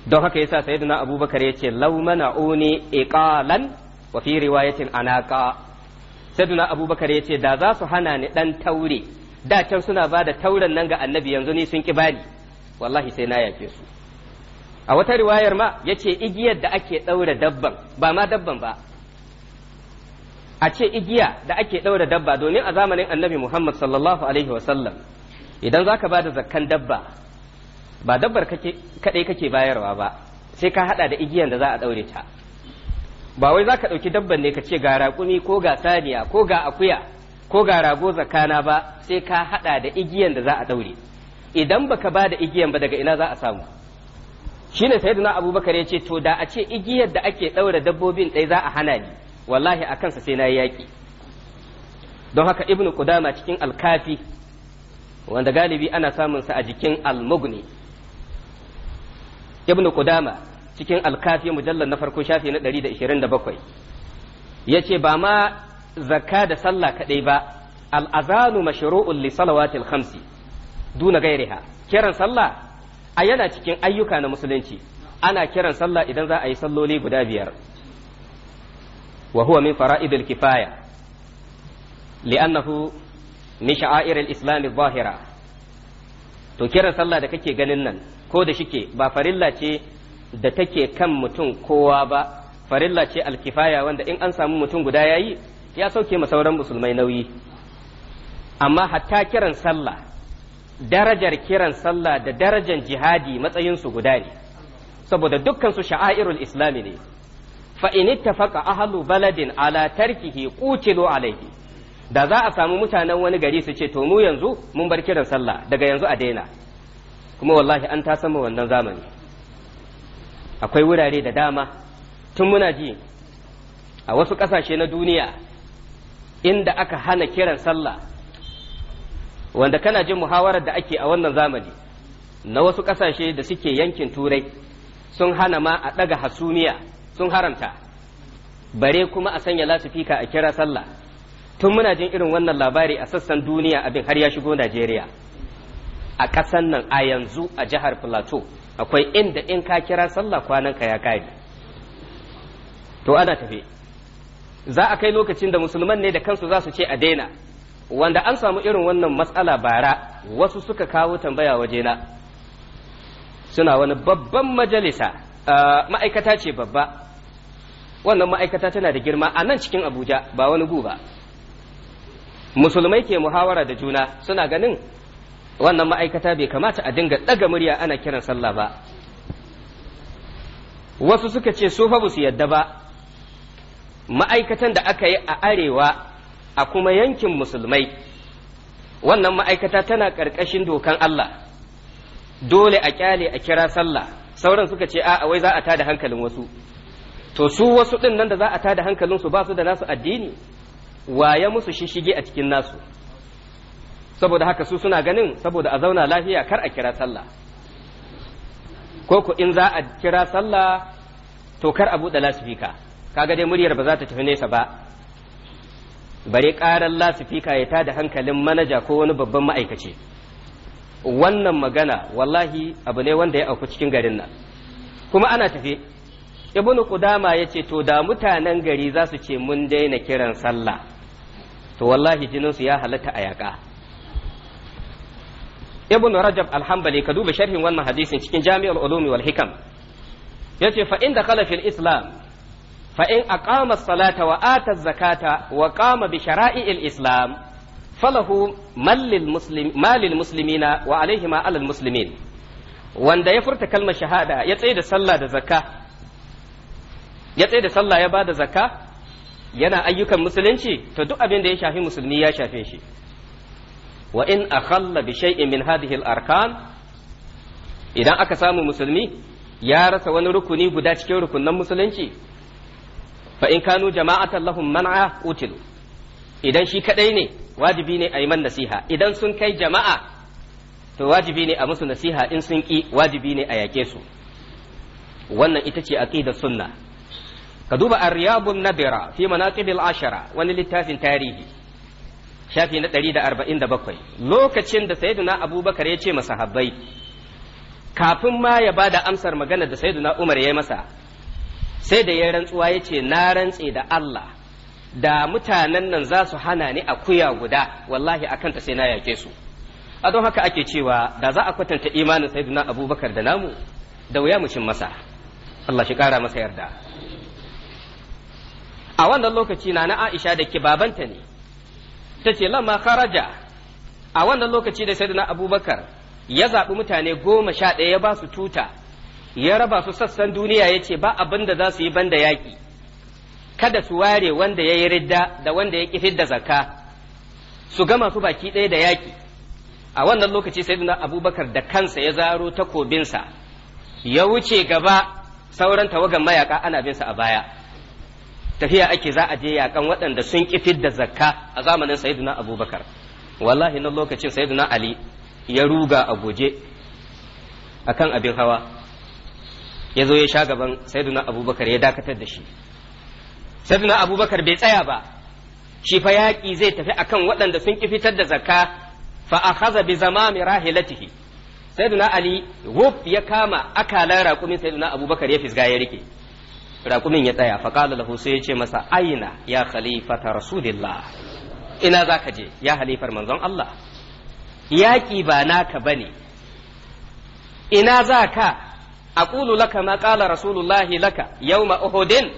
don haka yasa sayyidina Abubakar yace law mana'uni iqalan wa fi riwayatin anaqa sayyidina Abubakar yace da za su hana ni dan taure da can suna ba da tauran nan ga annabi yanzu ni sun ki bani wallahi sai na yafe su a wata riwayar ma yace igiyar da ake ɗaura dabban ba ma dabban ba a ce igiya da ake ɗaura dabba domin a zamanin annabi Muhammad sallallahu alaihi wasallam idan zaka ba da zakkan dabba ba dabbar kaɗai kake bayarwa ba sai ka haɗa da igiyar da za a ɗaure ta ba wai za ka ɗauki dabban ne ka ce ga raƙumi ko ga saniya ko ga akuya ko ga rago zakana ba sai ka hada da igiyan da za a daure idan baka ba da igiyan ba daga ina za a samu shine sayyidina abubakar ya ce to da a ce igiyar da ake daure dabbobin ɗaya za a hana ni wallahi a kansa sai na yi yaƙi don haka ibnu qudama cikin alkafi wanda galibi ana samun sa a jikin almugni ibnu qudama cikin alkafi mujallar na farko shafi na 127 yace ba ma zakka da sallah kaɗai ba al'azanu mashru'un li salawatil khamsi duna gairiha kiran sallah a yana cikin ayyuka na musulunci ana kiran sallah idan za a yi salloli guda biyar wa huwa min fara'idil kifaya li'annahu min sha'a'irar islami zahira to kiran sallah da kake ganin nan ko da shike ba farilla ce da take kan mutum kowa ba farilla ce alkifaya wanda in an samu mutum guda yayi ya sauke ma sauran musulmai nauyi amma hatta kiran sallah darajar kiran sallah da darajar jihadi matsayinsu guda ne saboda dukkansu sha'airul islami ne fa in ittafaqa ahlu baladin ala tarkihi qutilu alayhi da za a samu mutanen wani gari su ce to mu yanzu mun bar kiran sallah daga yanzu a daina kuma wallahi an ta sama wannan zamani akwai wurare da dama tun muna ji a wasu ƙasashe na duniya inda aka hana kiran sallah wanda kana jin muhawarar da ake a wannan zamani na wasu ƙasashe da suke yankin turai sun hana ma a ɗaga hasumiya sun haramta bare kuma a sanya lasifika a kira sallah tun muna jin irin wannan labari a sassan duniya abin har ya shigo najeriya a ƙasan nan a yanzu a jihar plateau akwai inda in ka kira sallah kwanan ka ya kare to ana tafe za a kai lokacin da musulman ne da kansu za su ce a daina wanda an samu irin wannan matsala bara wasu suka kawo tambaya wajena suna wani babban majalisa ma'aikata ce babba wannan ma'aikata tana da girma a nan cikin abuja ba wani gu ba musulmai ke muhawara da juna suna ganin wannan ma'aikata bai kamata a dinga ɗaga murya ana kiran sallah ba wasu suka ce su fa su yadda ba ma'aikatan da aka yi a arewa a kuma yankin musulmai wannan ma'aikata tana ƙarƙashin dokan Allah dole a kyale a kira sallah sauran suka ce a wai za a tada hankalin wasu to su wasu ɗin nan da za a tada hankalin su ba su da nasu addini waye musu shishige a cikin nasu saboda haka su suna ganin saboda a zauna lafiya kar a kira sallah ko ku in za a kira sallah to kar a buɗe lasifika kaga dai muryar ba za ta tafi nesa ba bare karar lasifika ya tada hankalin manaja ko wani babban ma'aikaci wannan magana wallahi abu ne wanda ya auku cikin garin nan kuma ana tafi ibnu qudama ya ce to da mutanen gari za su ce mun daina kiran sallah to wallahi jininsu ya halatta a yaƙa ibnu rajab alhambali ka duba sharhin wannan hadisin cikin jami'ul ulumi wal hikam yace fa inda khalafil fil islam fa in aqama as-salata wa zakata wa qama bi islam falahu malil musulmina malil alal wanda ya furta kalmar shahada ya tsaye da sallah da zakka ya tsaye da sallah ya bada zakka yana ayyukan musulunci to duk abin da ya shafi musulmi ya shafe shi wa in akhalla bi shay'in min hadhihi arkan idan aka samu musulmi ya rasa wani rukuni guda cikin rukunan musulunci fa in kanu jama'atan lahum man'a utilu idan shi kadai ne wajibi ne a yi man nasiha idan sun kai jama'a to wajibi ne a musu nasiha in sun ki wajibi ne a yake su wannan ita ce aqidar sunna ka duba ar-riyabun nadira fi manaqibil ashara wani littafin tarihi shafi na 147 lokacin da sayyiduna abubakar ya ce masahabbai kafin ma ya bada amsar magana da sayyiduna umar ya yi masa sai da ya rantsuwa ya ce na rantse da Allah da mutanen nan za su hana ni akuya guda wallahi a kanta sai na yake su a don haka ake cewa da za a kwatanta imanin sayyidina abubakar da namu da wuya mu masa Allah shi kara masa yarda a wannan lokaci na na Aisha da ke babanta ne ta ce lamma kharaja a wannan lokaci da sayyidina abubakar ya zaɓi mutane goma sha ɗaya ya ba su tuta ya raba su sassan duniya ya ce ba abin da za su yi banda yaƙi kada su ware wanda ya yi ridda da wanda ya ƙi da zakka su gama su baki ɗaya da yaƙi a wannan lokaci sai abubakar da kansa ya zaro takobinsa ya wuce gaba sauran tawagan mayaka ana binsa a baya tafiya ake za a je yakan waɗanda sun ƙi da zakka a zamanin sayyidina abubakar wallahi na lokacin sayyidina ali ya ruga a goje akan abin hawa ya zo ya sha gaban sayyiduna abubakar ya dakatar da shi sayyiduna abubakar bai tsaya ba shi fa yaƙi zai tafi akan waɗanda sun ki fitar da zakka fa akhadha bi zamami rahilatihi sayyiduna ali wuf ya kama akalan raƙumin sayyiduna abubakar ya fisga ya rike raƙumin ya tsaya fa qala lahu sai ya ce masa aina ya khalifata rasulillah ina zaka je ya halifar manzon Allah yaƙi ba naka bane ina za ka aqulu laka ma qala rasulullahi laka yawma uhudin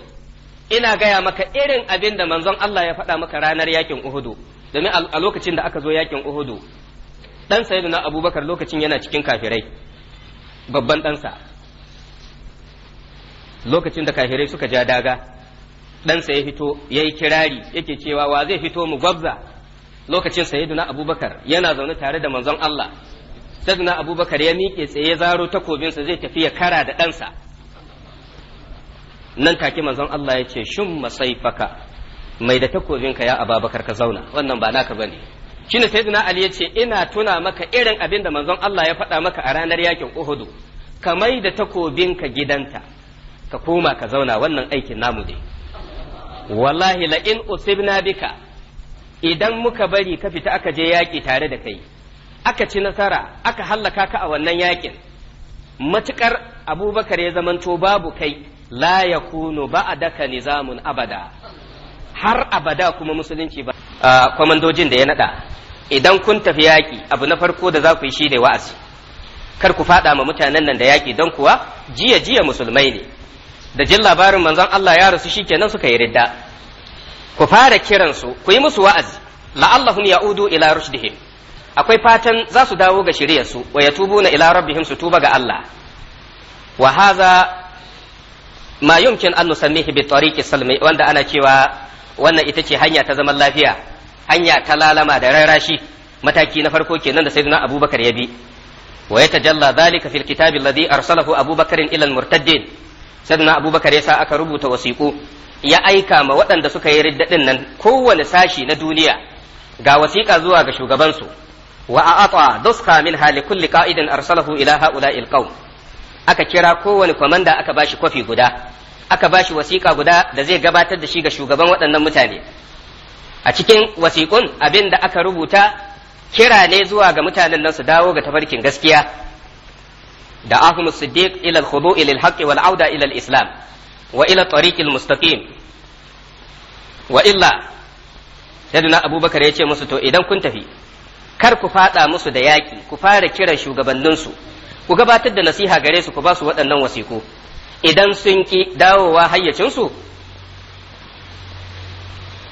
ina gaya maka irin abin da manzon Allah ya faɗa maka ranar yakin uhudu domin a lokacin da aka zo yakin uhudu dan sayyiduna abubakar lokacin yana cikin kafirai babban ɗansa lokacin da kafirai suka ja daga ɗansa ya fito ya yi kirari yake cewa wa zai fito mu gwabza lokacin na abubakar yana zaune tare da manzon Allah sayyidina abubakar ya miƙe tsaye ya zaro takobinsa zai tafi ya kara da ɗansa nan take manzon Allah ya ce shun masaifaka mai da takobinka ya ababakar ka zauna wannan ba naka bane shine sayyidina ali ya ce ina tuna maka irin abin da manzon Allah ya faɗa maka a ranar yakin uhudu ka mai da takobinka gidanta ka koma ka zauna wannan aikin namu ne wallahi la in usibna bika idan muka bari ka fita aka je yaƙi tare da kai aka ci nasara aka hallaka ka a wannan yakin matukar abubakar ya zamanto babu kai la ya kunu daka nizamun abada har abada kuma musulunci ba kwamandojin da ya nada idan kun tafi yaki abu na farko da za ku yi shi ne wa'azi kar ku fada ma mutanen nan da yaki don kuwa jiya jiya musulmai ne da jin labarin manzon Allah ya rasu shikenan suka yi ridda ku fara kiransu ku yi musu wa'azi la'allahum ya'udu ila rushdihim akwai fatan za su dawo ga shiryarsu wa na ila rabbihim su tuba ga Allah wa haza ma yumkin an nusammihi bi tariqi salmi wanda ana cewa wannan ita ce hanya ta zaman lafiya hanya ta lalama da rarashi mataki na farko kenan da sayyidina abubakar ya bi wa tajalla dhalika fil kitabi alladhi arsalahu abubakar ila al-murtaddin sayyidina abubakar sa aka rubuta wasiqu ya aika ma waɗanda suka yi riddadin nan kowane sashi na duniya ga wasiƙa zuwa ga shugabansu wa a'ata duska min hali kulli qa'idin arsalahu ila ha'ula'il aka kira kowane kwamanda aka ba shi kwafi guda aka bashi wasiƙa guda da zai gabatar da shi ga shugaban waɗannan mutane a cikin wasiƙun abin da aka rubuta kira ne zuwa ga mutanen nan su dawo ga tafarkin gaskiya da ahum siddiq ila al-khudu' ila al-haqq wal islam wa ila tariq al-mustaqim wa abubakar ya ce musu to idan kun tafi kar ku faɗa musu da yaƙi ku fara kiran shugabanninsu ku gabatar da nasiha gare su ku ba su waɗannan wasiku idan sun ki dawowa hayyacinsu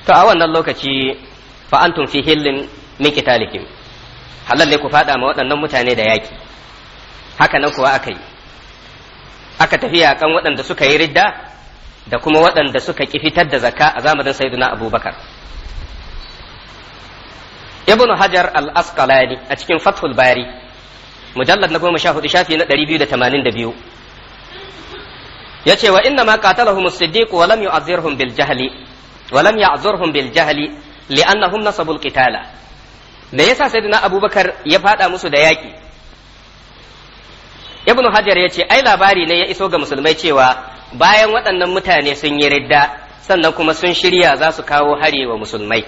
to a wannan lokaci fa antum fi hillin min talikin halal ne ku faɗa ma waɗannan mutane da yaƙi haka nan kuwa aka yi aka tafi yaƙan waɗanda suka yi ridda da kuma waɗanda suka ƙi fitar da zakka a zamanin sayyidina abubakar ibn hajar al-asqalani a cikin fathul bari mujallad na goma sha hudu shafi na ɗari biyu da tamanin da biyu ya ce wa inna ma qatalahum as-siddiq wa lam yu'azzirhum bil jahli wa lam ya'zurhum bil jahli li'annahum nasabul qitala da yasa sayyidina abubakar ya fada musu da yaki ibn hajar ya ce ai labari ne ya iso ga musulmai cewa bayan waɗannan mutane sun yi ridda sannan kuma sun shirya za su kawo hari wa musulmai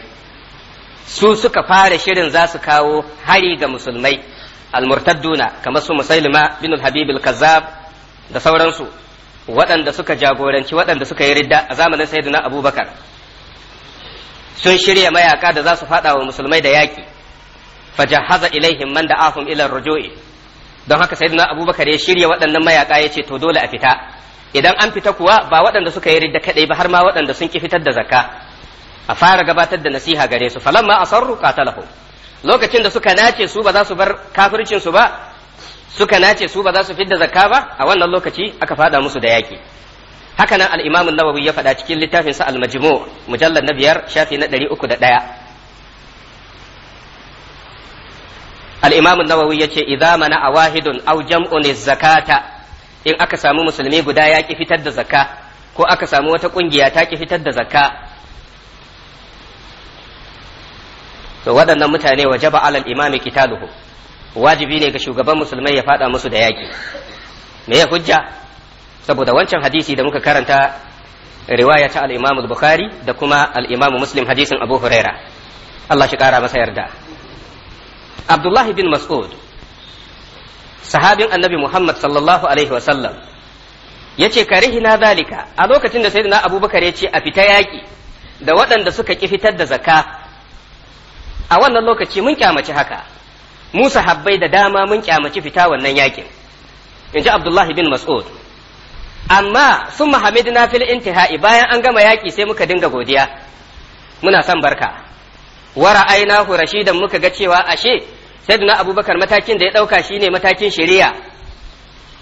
su suka fara shirin za su kawo hari ga musulmai almurtadduna kamar su musailima bin habib al da sauransu waɗanda suka jagoranci waɗanda suka yi ridda a zamanin sayyidina abubakar sun shirya mayaka da za su faɗa wa musulmai da yaƙi fajahaza ilaihim man da'ahum ila rujui don haka sayyidina abubakar ya shirya waɗannan mayaka ya ce to dole a fita idan an fita kuwa ba waɗanda suka yi ridda kaɗai ba har ma waɗanda sun ki fitar da zakka a fara gabatar da nasiha gare su falamma asarru qatalahu lokacin da suka nace su ba za su bar kafircin su ba suka nace su ba za su fidda zakka ba a wannan lokaci aka fada musu da yaki haka nan al-Imam an-Nawawi ya faɗa cikin littafin sa al-Majmu' mujallad na biyar shafi na 301 al-Imam an-Nawawi yace idza mana awahidun aw jam'un zakata in aka samu musulmi guda ya ki fitar da zakka ko aka samu wata kungiya ta ki fitar da zakka to waɗannan mutane wajaba alal imami kitaluhu wajibi ne ga shugaban musulmai ya faɗa musu da yaƙi me ya hujja saboda wancan hadisi da muka karanta riwaya ta al imamu bukhari da kuma al imamu Muslim hadisin Abu Huraira Allah shi kara masa yarda Abdullahi bin Mas'ud sahabin Annabi Muhammad sallallahu alaihi wa sallam yace karihina zalika a lokacin da sayyidina Abubakar ya ce a fita yaƙi da waɗanda suka ki fitar da zakka a wannan lokaci mun kyamaci haka Musa Habbai da dama mun kyamaci fita wannan yakin in ji abdullahi bin mas'ud amma sun muhammadu na fil intihai bayan an gama yaki sai muka dinga godiya muna son barka wara aina da muka ga cewa ashe sayyidina abubakar matakin da ya dauka shine matakin shari'a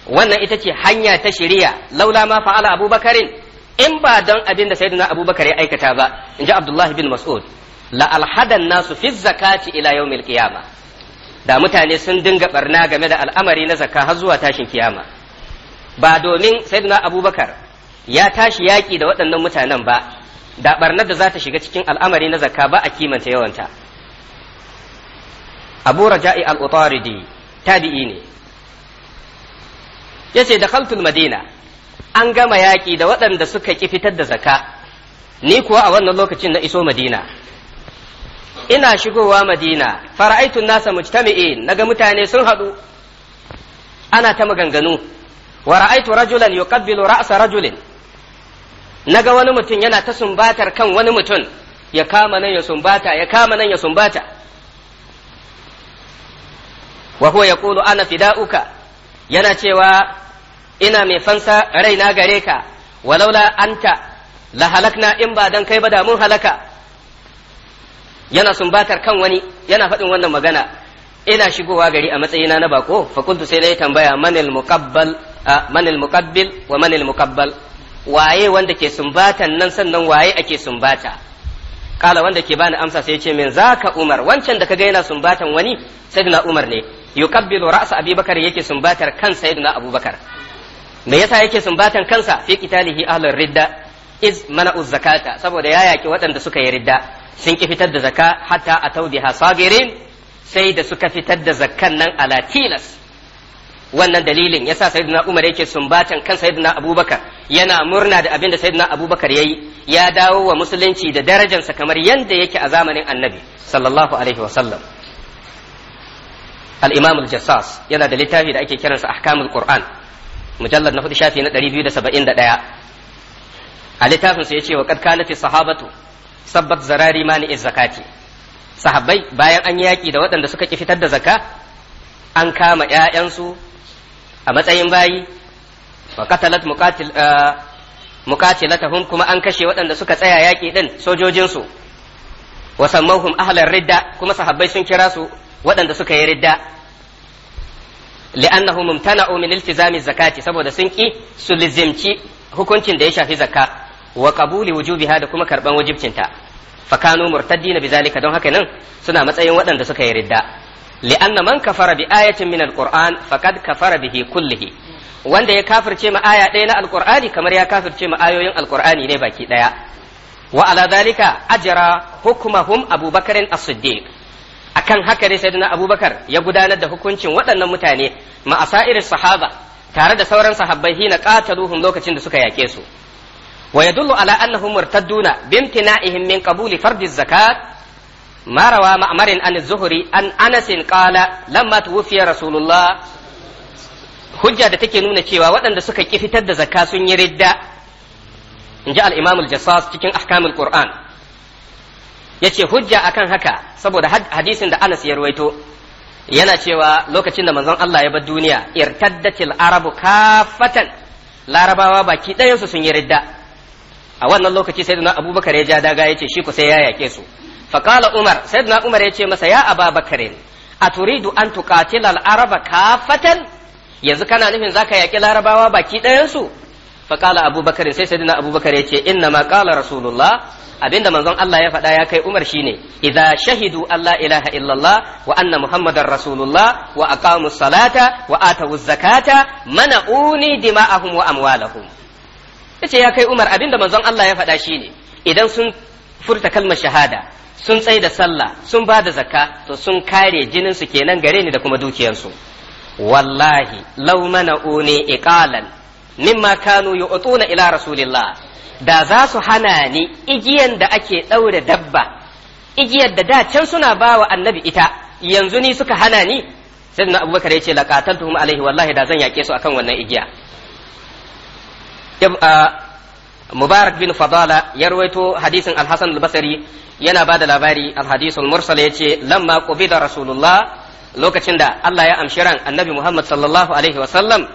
wannan ita ce hanya ta shari'a laula ma fa'ala abubakarin in ba don abin da abubakar ya aikata ba in ji abdullahi bin mas'ud la alhadan nasu fi zakati ila yawmil qiyama da mutane sun dinga barna game da al'amari na zakka har zuwa tashin kiyama ba domin sayyidina abubakar ya tashi yaki da waɗannan mutanen ba da barnar da za ta shiga cikin al'amari na zakka ba a kimanta yawanta abu raja'i al-utaridi tabi'i ne yace da madina an gama yaƙi da waɗanda suka ƙi fitar da zakka ni kuwa a wannan lokacin na iso madina ina shigowa madina fara'aitun nasa mujtami'in naga mutane sun haɗu ana ta maganganu wa ra'aitu rajulan yuqabbilu ra'sa rajulin naga wani mutum yana ta sumbatar kan wani mutum ya kama nan ya sumbata ya kama nan ya sumbata wa huwa yaqulu ana fida'uka yana cewa ina mai fansa raina gare ka walaula anta la halakna in ba dan kai ba da mun halaka yana sumbatar kan wani yana faɗin wannan magana ina shigowa gari a matsayina na bako fa kuntu sai dai tambaya manil muqabbal manil muqabbil wa manil muqabbal waye wanda ke sumbatan nan sannan waye ake sumbata kala wanda ke bani amsa sai ya ce min zaka umar wancan da kaga yana sumbatan wani sayyidina umar ne yukabbilu ra'sa abubakar yake sumbatar kan sayyidina abubakar me yasa yake sumbatan kansa fi qitalihi ahlur ridda iz mana'uz zakata saboda ya yaki waɗanda suka yi ridda sun ki fitar da zaka hatta a taudiha sabirin sai da suka fitar da zakan nan ala tilas wannan dalilin yasa sayyidina Umar yake sumbatan kan sayyidina Abubakar yana murna da abin da sayyidina Abubakar yayi ya dawo wa musulunci da darajarsa kamar yanda yake a zamanin Annabi sallallahu alaihi wasallam al-Imam al-Jassas yana da littafi da ake kiransa Ahkamul Qur'an mujallad na hudu shafi na 271 a littafin sa yace wa qad kanat sahabatu sabbat zarari mani iz zakati sahabbai bayan an yi yaƙi da waɗanda suka ki fitar da zakka an kama ƴaƴansu a matsayin bayi wa qatalat muqatil eh, muqatilatahum kuma an kashe waɗanda suka tsaya yaki din sojojinsu wa sammahum ahlar ridda kuma sahabbai sun kira su waɗanda suka yi ridda li'annahum mumtana'u min iltizami zakati saboda sun ki su lizimci hukuncin da ya shafi zakka wa qabuli wujubiha da kuma karban wajibcinta fa kanu murtaddina bizalika don haka nan suna matsayin waɗanda suka yi ridda anna man kafara bi ayatin min alquran faqad kafara bihi kullihi wanda ya kafirce ma aya ɗaya na alqur'ani kamar ya kafirce ma ayoyin alqur'ani ne baki ɗaya wa ala dalika ajra hukmahum abubakarin as-siddiq akan haka ne sayyidina abubakar ya gudanar da hukuncin waɗannan mutane ma asairis sahaba tare da sauran sahabbai na qataluhum lokacin da suka yake su Waya على ala مرتدون بامتنائهم من قبول فرض الزكاة ما روى مأمر عن الزهري عن أنس قال لما توفي رسول الله hujja da take nuna cewa waɗanda suka ki fitar da zakka sun yi ridda in ji al'imamul jassas cikin ahkamul qur'an Yace ce hujja akan haka saboda hadisin da anas ya ruwaito yana cewa lokacin da manzon Allah ya bar duniya irtaddatil arabu kafatan larabawa baki ɗayansu sun yi ridda a wannan lokaci sayyidina abubakar ya ja daga ce shi ku sai ya yake su fa umar ya umar masa ya a turidu an tuqatila al-araba kafatan yanzu kana nufin zaka yaki larabawa baki ɗayansu. su fa abubakar sai sayyidina abubakar yace inna ma qala rasulullah abinda manzon Allah ya faɗa ya kai Umar shine idan shahidu Allah ilaha illallah wa anna muhammadar rasulullah wa aqamu salata wa atawu zakata uni dima'ahum wa amwalahum yace ya kai Umar abinda manzon Allah ya faɗa ne idan sun furta kalmar shahada sun tsai da sallah sun ba da zakka to sun kare jinin su kenan gare ni da kuma dukiyarsu wallahi law mana'uni iqalan mimma kanu yu'tuna ila rasulillah da za su hana ni igiyan da ake daure dabba igiyar da da can suna bawa annabi ita yanzu ni suka hana ni sai na abubakar ya ce laqatantuhum alaihi wallahi da zan yake su akan wannan igiya Uh, mubarak bin fadala ya rawaito hadisin al-hasan al-basri yana bada labari al-hadith al-mursal yace lamma qubida rasulullah lokacin da Allah ya amshi ran annabi Muhammad sallallahu alaihi wa sallam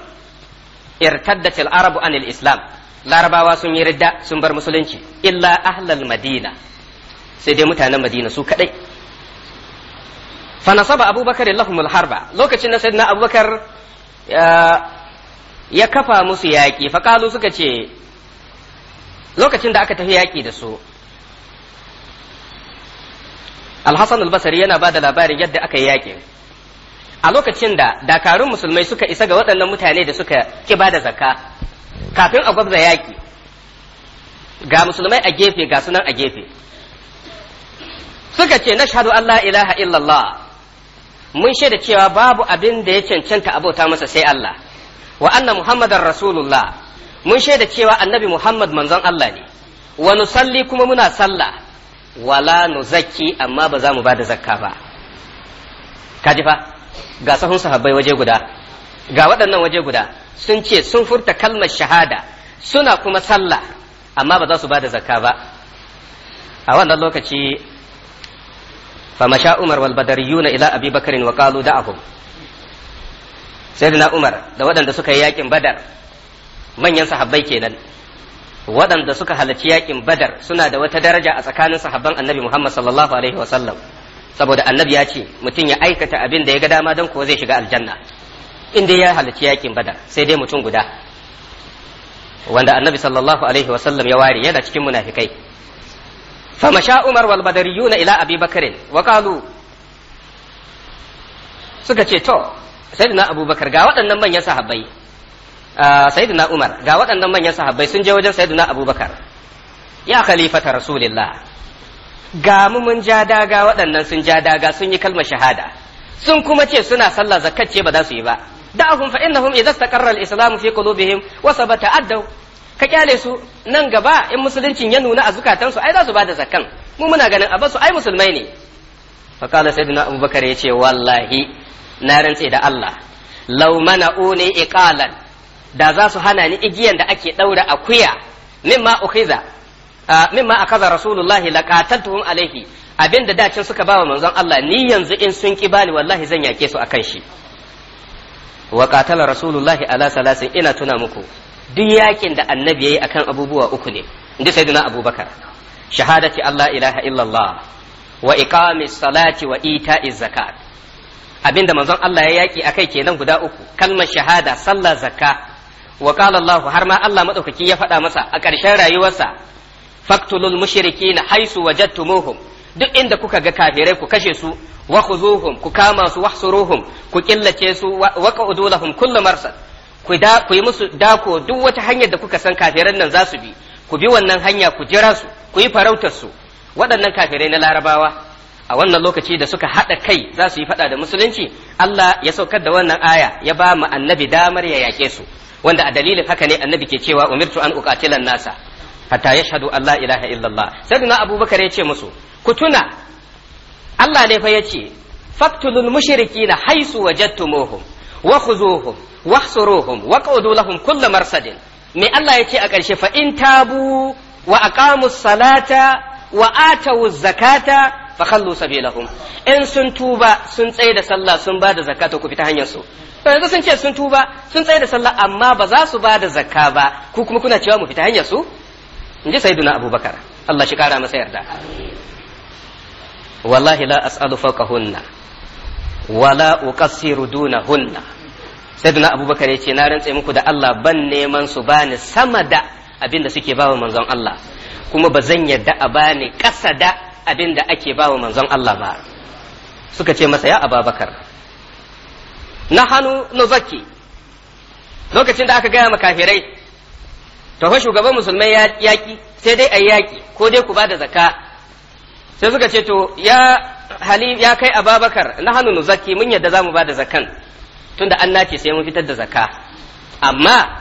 irtaddat al-arab anil islam larabawa sun yi ridda sun bar musulunci illa ahlal madina sai dai mutanen madina su kadai fa nasaba abubakar lahum al-harba lokacin da sayyidina abubakar uh, ya kafa musu yaƙi faƙalu suka ce lokacin da aka tafi yaƙi da su alhassan albasari yana ba da labarin yadda aka yi yaƙi. a lokacin da dakarun musulmai suka isa ga waɗannan mutane da suka ƙi ba da zaka kafin a gwabza yaƙi ga musulmai a gefe ga sunan a gefe suka ce na shahadu Allah ilaha illallah mun shaida cewa babu abin da ya cancanta abota masa sai Allah wa anna muhammadar rasulullah mun shaida cewa annabi muhammad manzon Allah ne wa nusalli kuma muna sallah wala nuzakki amma ba za mu bada zakka ba kaji fa ga sahun sahabbai waje guda ga waɗannan waje guda sun ce sun furta kalmar shahada suna kuma sallah amma ba za su bada zakka ba a wannan lokaci فمشى عمر والبدريون إلى أبي بكر وقالوا دعهم sayyidina umar da waɗanda suka yi yakin badar manyan sahabbai kenan waɗanda suka halarci yakin badar suna da wata daraja a tsakanin sahabban annabi muhammad sallallahu alaihi wasallam saboda annabi ya ce mutum ya aikata abin da ya ga dama don kuwa zai shiga aljanna inda ya halarci yakin badar sai dai mutum guda wanda annabi sallallahu alaihi wasallam ya ware yana cikin munafikai famasha umar wal badariyuna ila abi bakarin wa suka ce to sayyidina abubakar ga waɗannan manyan sahabbai ah, sayyidina umar ga waɗannan manyan sahabbai sun je wajen sayyidina abubakar ya khalifata rasulillah ga mu mun ja daga waɗannan sun ja daga sun yi kalmar shahada sun kuma ce suna sallah ce ba za su yi ba da'ahum fa innahum idza istaqarra al-islam fi qulubihim wa sabata addaw ka kyale su nan gaba in musuluncin ya nuna a zukatansu ai za su bada zakkan mu muna ganin a basu ai musulmai ne fa qala sayyidina abubakar yace wallahi na rantse da Allah law mana'uni iqalan da za su hana ni igiyan da ake daura akuya mimma ukhiza mimma akaza rasulullahi laqatatuhum alaihi abinda dacin suka bawa manzon Allah ni yanzu in sun ki bani wallahi zan yake su akan shi wa qatala rasulullahi ala salasin ina tuna muku duk yakin da annabi yayi akan abubuwa uku ne inda sayyidina abubakar shahadati Allah ilaha illallah wa iqamis salati wa ita'iz zakat abinda manzon Allah ya yaki akai kenan guda uku kalmar shahada sallah zakka wa qala Allah har ma Allah madaukaki ya faɗa masa a ƙarshen rayuwarsa faktulul mushrikina haisu wajadtumuhum duk inda kuka ga kafirai ku kashe su wa khuzuhum ku kama su wahsuruhum ku killace su wa qa'udu lahum kullu marsad ku da ku yi musu dako duk wata hanyar da kuka san kafiran nan za su bi ku bi wannan hanya ku jira su ku yi farautar su waɗannan kafirai na larabawa a wannan lokaci da suka haɗa kai za su yi faɗa da musulunci Allah ya saukar da wannan aya ya ba mu annabi damar ya yaƙe su wanda a dalilin haka ne annabi ke cewa umirtu an uqatilan nasa hatta yashhadu an ilaha illallah sayyidina abubakar ya ce musu ku tuna Allah ne fa yace faktulul mushrikina haisu wajadtumuhum wa khuzuhum wahsuruhum wa qudu lahum kullu marsadin me Allah ya ce a ƙarshe fa in tabu wa aqamus salata wa atawuz zakata fa khallu sabilahum in sun tuba sun tsaye da sallah sun ba da zakka ta ku fita hanyar su to yanzu sun ce sun tuba sun tsaye da sallah amma ba za su ba da zakka ba ku kuma kuna cewa mu fita hanyar su in ji sayyiduna abubakar Allah shi kara masa yarda wallahi la as'alu fawqahunna wala uqassiru dunahunna sayyiduna abubakar yace na rantse muku da Allah ban neman su bani sama da abinda suke bawa manzon Allah kuma ba zan yarda a bani ƙasa da abin da ake ba wa manzon Allah ba suka ce masa ya ababakar na hannu na zaki lokacin da aka gaya makafirai taho shugaban musulmai yaƙi sai dai a yaƙi ko dai ku ba da zaka sai suka ce to ya hali ya kai ababakar na hannu na zaki mun yadda za mu ba da zakan tunda an nace sai mun fitar da zaka amma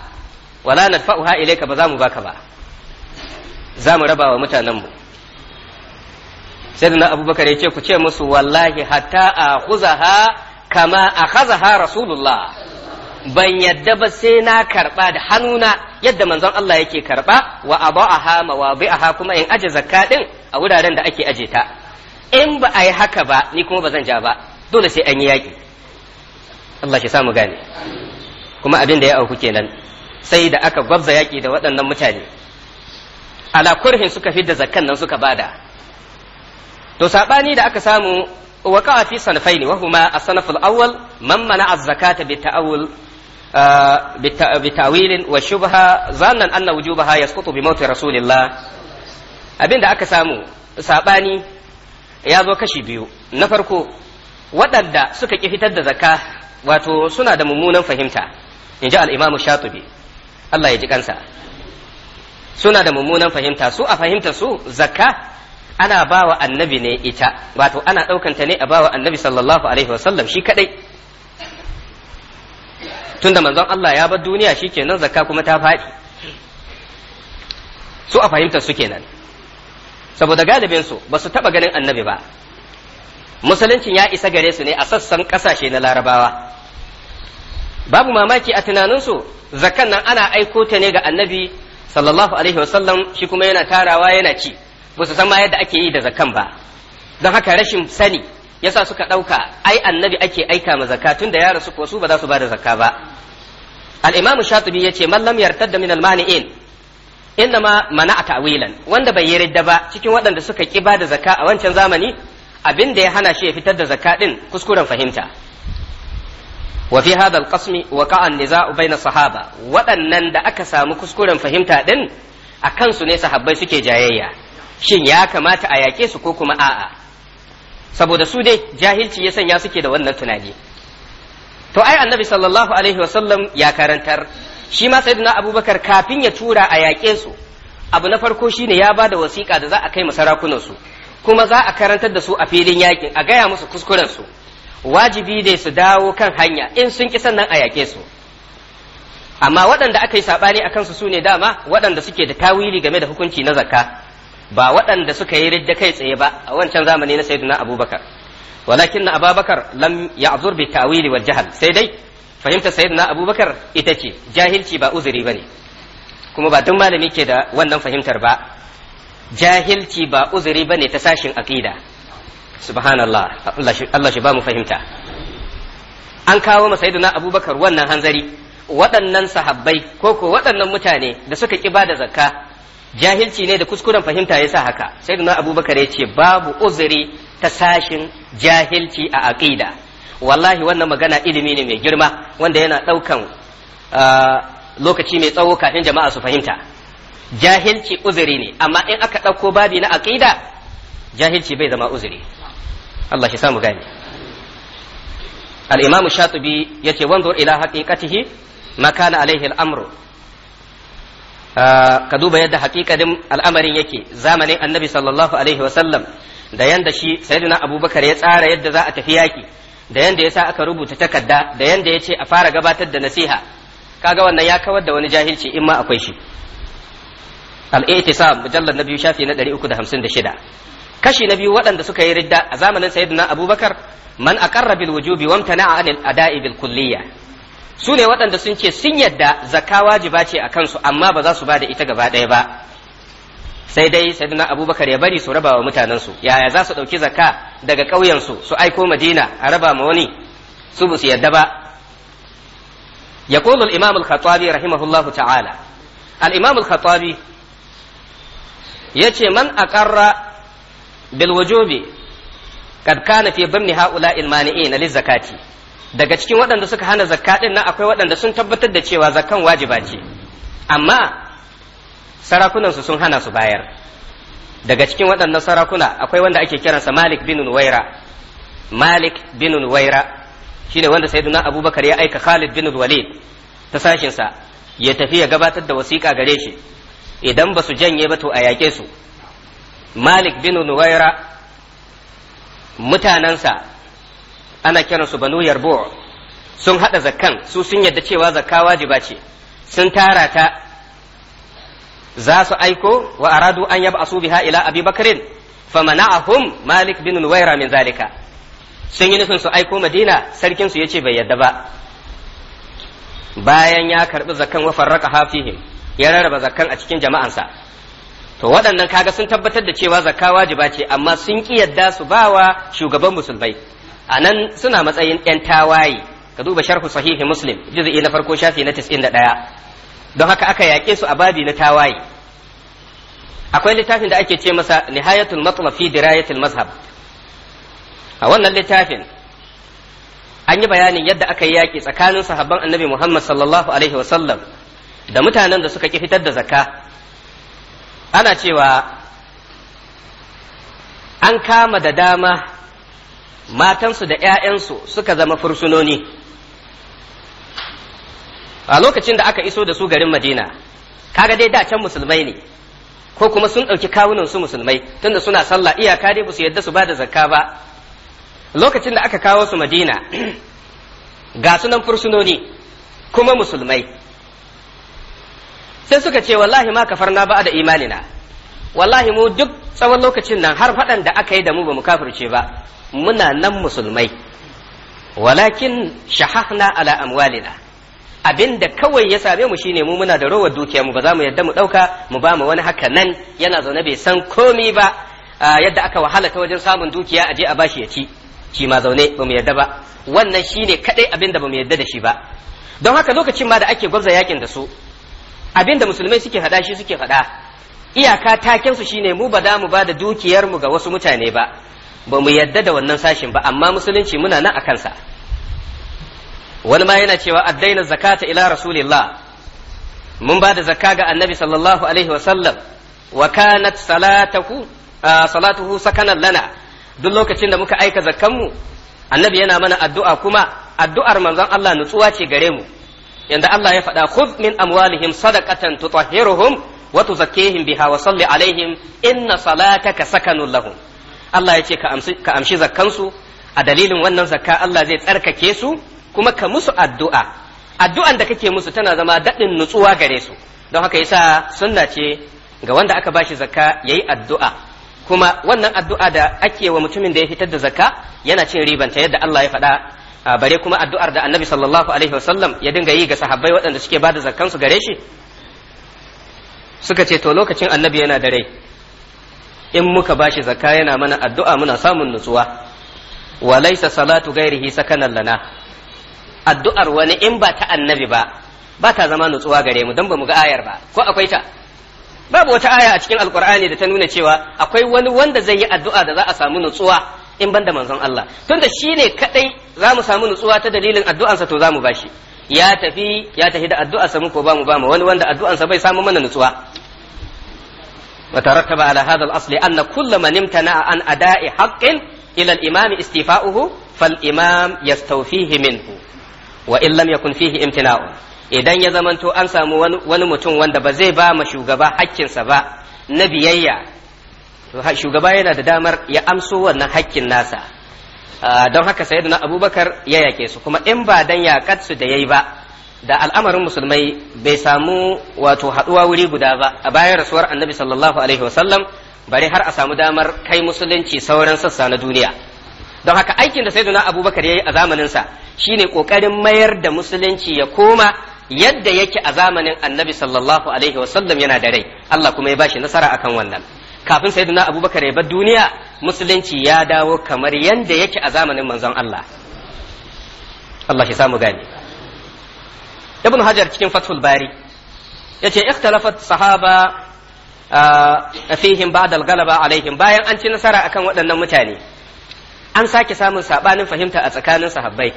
wala nadfa'uha ilayka ba za mu baka ba za mu raba wa mutanenmu sai da abubakar ya ce ku ce musu wallahi hatta a huzaha kama a hazaha rasulullah ban yadda ba sai na karba da hannuna yadda manzon Allah yake karba wa aba'aha mawabi'aha kuma in aje zakka din a wuraren da ake aje ta in ba a yi haka ba ni kuma ba zan ja ba dole sai an yi yaƙi Allah sa mu gane kuma abin da ya auku kenan sai da aka gwabza yaƙi da waɗannan mutane ala kurhin suka fidda zakkan nan suka bada to sabani da aka samu waqa'a fi sanfayn wa a as-sanf al-awwal man mana'a az-zakata bi ta'awul wa shubha zannan anna wujubaha yasqutu bi mawti rasulillah abinda aka samu sabani ya zo kashi biyu na farko waɗanda suka ki fitar da zakka wato suna da mummunan fahimta in ji al'imamu shatubi Allah ya ji kansa suna da mummunan fahimta su a fahimta su zakka ana bawa annabi ne ita wato ana ɗaukanta ne a bawa annabi sallallahu alaihi wasallam shi kadai tunda manzon Allah ya bar duniya shi nan zakka kuma ta faɗi su a fahimtar su kenan saboda galibin su ba su taɓa ganin annabi ba musuluncin ya isa gare su ne a sassan ƙasashe na larabawa babu mamaki a tunaninsu zakkan nan ana aiko ta ne ga annabi sallallahu alaihi wasallam shi kuma yana tarawa yana ci ba su san ma yadda ake yi da zakan ba don haka rashin sani yasa suka ɗauka ai annabi ake aika ma zakka tun da ya rasu ko su ba za su ba da zakka ba al-imamu shatibi yace man lam yartadda min al-mani'in innama a ta'wilan wanda bai yarda ba cikin waɗanda suka ki ba da zakka a wancan zamani abin da ya hana shi ya fitar da zakka din kuskuren fahimta wa fi hadha al-qasm waqa'a an-niza'u bayna sahaba waɗannan da aka samu kuskuren fahimta din a kansu ne sahabbai suke jayayya shin ya kamata a yaƙe su ko kuma a'a saboda su dai jahilci ya sanya suke da wannan tunani to ai annabi sallallahu alaihi wasallam ya karantar shi ma sayyidina abubakar kafin ya tura a yaƙe su abu na farko shine ya ba da wasiƙa da za a kai sarakunan su kuma za a karantar da su a filin yaƙin a gaya musu kuskuren su wajibi ne su dawo kan hanya in sun ki sannan a yaƙe su amma waɗanda aka yi saɓani a kansu su ne dama waɗanda suke da tawili game da hukunci na zakka ba waɗanda suka yi ridda kai tsaye ba a wancan zamani na sayyidina abubakar walakin na ababakar lam ya ya'zur bi ta'wili wa jahal sai dai fahimta sayyidina abubakar ita ce jahilci ba uzuri ba ne. kuma ba duk malami ke da wannan fahimtar ba jahilci ba uzuri ba ne ta sashin aqida subhanallah Allah shi ba mu fahimta an kawo ma sayyidina abubakar wannan hanzari waɗannan sahabbai ko ko waɗannan mutane da suka ƙi ba da zakka jahilci ne da kuskuren fahimta yasa haka sai na abubakar ya ce babu uzuri ta sashin jahilci a aqida wallahi wannan magana ilimi ne mai girma wanda yana ɗaukan lokaci mai tsawo kafin jama'a su fahimta jahilci uzuri ne amma in aka ɗauko babi na aqida jahilci bai zama uzuri Allah shi samu gani al-imam shatibi yace wanzur ila haqiqatihi makana makana alaihi al-amru ka duba yadda hakikanin al'amarin yake zamanin annabi sallallahu alaihi wasallam da yanda shi sayyidina abubakar ya tsara yadda za a tafi yaki da yanda ya sa aka rubuta takarda da yanda ya ce a fara gabatar da nasiha kaga wannan ya kawar da wani jahilci in ma akwai shi al-i'tisam mujallad na biyu shafi na 356 kashi na biyu waɗanda suka yi ridda a zamanin sayyidina abubakar man aqarra bil wujubi wamtana'a anil ada'i bil kulliyya su ne waɗanda sun ce sun yadda zakka wajiba ce a kansu amma ba za su ba da ita gaba ɗaya ba sai dai sai dana abubakar ya bari su raba wa mutanensu yaya za su ɗauki zakka daga ƙauyensu su aiko madina a raba ma wani su ba su yadda ba يقول الإمام الخطابي رحمه الله تعالى الإمام الخطابي يتي من أقر بالوجوب قد كان في ضمن هؤلاء المانئين للزكاة daga cikin waɗanda suka hana zakka ɗin nan akwai waɗanda sun tabbatar da cewa zakkan wajiba ce amma sarakunansu sun hana su bayar daga cikin waɗannan sarakuna akwai wanda ake kiransa malik bin nuwaira malik bin nuwaira shi ne wanda sayyiduna abubakar ya aika khalid bin walid ta sashinsa ya tafi ya gabatar da wasiƙa gare shi idan ba su janye ba to a yake su malik bin nuwaira mutanensa ana kiransu banu yarbu sun hada zakkan su sun yadda cewa zakka wajiba ce sun tara ta za su aiko wa aradu an yab'asu biha ila abi bakrin famana'ahum malik bin nuwaira min zalika sun yi nufin su aiko madina sarkin su yace bai yadda ba bayan ya karbi zakkan wa farraka hafihim ya rarraba zakkan a cikin jama'ansa to waɗannan kaga sun tabbatar da cewa zakka wajiba ce amma sun ki yadda su bawa shugaban musulmai a nan suna matsayin 'yan tawaye ka duba sharhu sahihi muslim juz'i na farko shafi na 91 don haka aka yaƙe su a babi na tawaye akwai littafin da ake ce masa nihayatul matlab fi dirayatul mazhab a wannan littafin an yi bayanin yadda aka yi yaƙi tsakanin sahabban annabi muhammad sallallahu alaihi wasallam da mutanen da suka ki fitar da zakka ana cewa an kama da dama matansu da 'ya'yansu suka zama fursunoni a lokacin da aka iso da su garin madina kaga dai da can musulmai ne ko kuma sun ɗauki kawunan su musulmai tunda suna sallah iyaka dai su yadda su ba da zakka ba lokacin da aka kawo su madina ga sunan fursunoni kuma musulmai sai suka ce wallahi ma kafarna ba da imanina wallahi mu duk tsawon lokacin nan har faɗan da aka yi da mu ba mu kafirce ba muna nan musulmai walakin shahahna ala amwalina abinda kawai ya same mu shine mu muna da rowar dukiya mu ba za mu yadda mu dauka mu ba mu wani haka nan yana zaune bai san komi ba yadda aka wahala ta wajen samun dukiya aje a bashi ya ci shi ma zaune ba mu yadda ba wannan shine kadai abinda ba mu yadda da shi ba don haka lokacin ma da ake gwabza yakin da su abinda musulmai suke faɗa shi suke faɗa iyaka taken su shine mu ba za mu ba da dukiyar mu ga wasu mutane ba ba mu yadda da wannan sashin ba amma musulunci muna nan a kansa wani ma yana cewa addaina zakata ila rasulillah mun ba da zakka ga annabi sallallahu alaihi wa sallam wa kanat salatahu salatuhu sakanan lana duk lokacin da muka aika zakkanmu annabi yana mana addu'a kuma addu'ar manzon Allah nutsuwa ce gare mu yanda Allah ya faɗa khudh min amwalihim sadaqatan tutahhiruhum wa tuzakkihim biha wa salli alaihim inna salataka sakanun lahum Allah ya ce ka amshi zakkansu a dalilin wannan zakka Allah zai tsarkake su kuma ka musu addu'a addu'an da kake musu tana zama daɗin nutsuwa gare su don haka yasa sunna ce ga wanda aka ba shi zakka ya yi addu'a kuma wannan addu'a da ake wa mutumin da ya fitar da zakka yana cin ribanta yadda Allah ya faɗa bare kuma addu'ar da annabi sallallahu alaihi wasallam ya dinga yi ga sahabbai waɗanda suke bada zakkansu gare shi suka ce to lokacin annabi yana da rai in muka bashi zakka yana mana addu'a muna samun nutsuwa wa laysa salatu ghairihi sakanan lana addu'ar wani in ba ta annabi ba ba ta zama nutsuwa gare mu dan ba mu ga ayar ba ko akwai ta babu wata aya a cikin alkur'ani da ta nuna cewa akwai wani wanda zai yi addu'a da za a samu nutsuwa in banda manzon Allah tunda shine kadai za mu samu nutsuwa ta dalilin addu'ansa to za mu bashi ya tafi ya tafi da addu'arsa mu ko ba mu ba mu wani wanda addu'ansa bai samu mana nutsuwa وترتب على هذا الأصل أن كل من امتنع عن أداء حق إلى الإمام استيفاؤه فالإمام يستوفيه منه وإن لم يكن فيه امتناع idan ya zamanto an samu wani mutum wanda ba zai bama ma shugaba hakkinsa ba na biyayya shugaba yana da damar ya amso wannan hakkin nasa don haka sayyidina abubakar ya yake su kuma in ba dan yakat su da yayi ba da al'amarin musulmai bai samu wato haɗuwa wuri guda ba a bayan rasuwar annabi sallallahu alaihi wasallam bari har a samu damar kai musulunci sauran sassa na duniya don haka aikin da sayyiduna abubakar ya yi a zamaninsa shine ƙoƙarin mayar da musulunci ya koma yadda yake a zamanin annabi sallallahu alaihi wasallam yana da rai Allah kuma ya bashi nasara akan wannan kafin sayyiduna abubakar ya bar duniya musulunci ya dawo kamar yadda yake a zamanin manzon Allah Allah shi samu gani ibn hajar cikin fathul bari yace ikhtalafat sahaba ah, fihim ba'da al-ghalaba alaihim bayan an ci nasara akan waɗannan mutane an sake samun sabanin fahimta a tsakanin sahabbai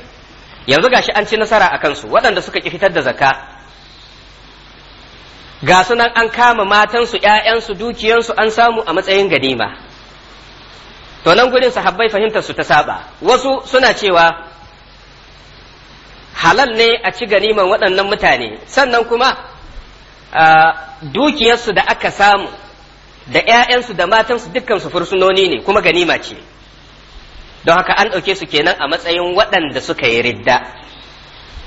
yanzu gashi an ci nasara akan su waɗanda suka ki fitar da zakka ga sunan an kama matansu ‘ya'yansu dukiyansu an samu a matsayin ganima to nan gurin sahabbai fahimtar su ta saba wasu suna cewa halal ne a ci ganiman waɗannan mutane sannan kuma dukiyarsu da aka samu da 'ya'yansu da matansu dukkansu fursunoni ne kuma ganima ce don haka an ɗauke su kenan a matsayin waɗanda suka yi ridda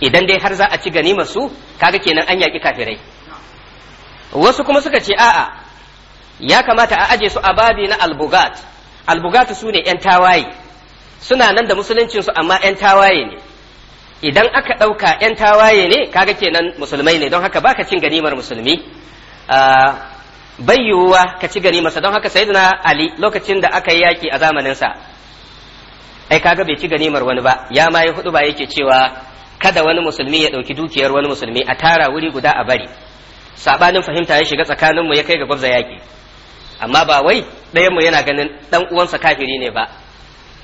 idan dai har za a ci ganima su kaga kenan an yaƙi kafirai wasu kuma suka ce a'a ya kamata a aje su a babi na albugat albugat su ne 'yan tawaye suna nan da musuluncinsu amma 'yan tawaye ne idan aka ɗauka 'yan tawaye ne kaga kenan musulmai ne don haka baka cin ganimar musulmi ah, bai ka ci ganimarsa don haka sayyidina ali lokacin da aka yi yaƙi a zamaninsa ai kaga bai ci ganimar wani ba ya ma yi hudu ba yake cewa kada wani musulmi ya ɗauki dukiyar wani musulmi a tara wuri guda a bari saɓanin fahimta ya shiga tsakaninmu ya kai ga gwabza yaƙi amma ba wai ɗayanmu yana ganin ɗan uwansa kafiri ne ba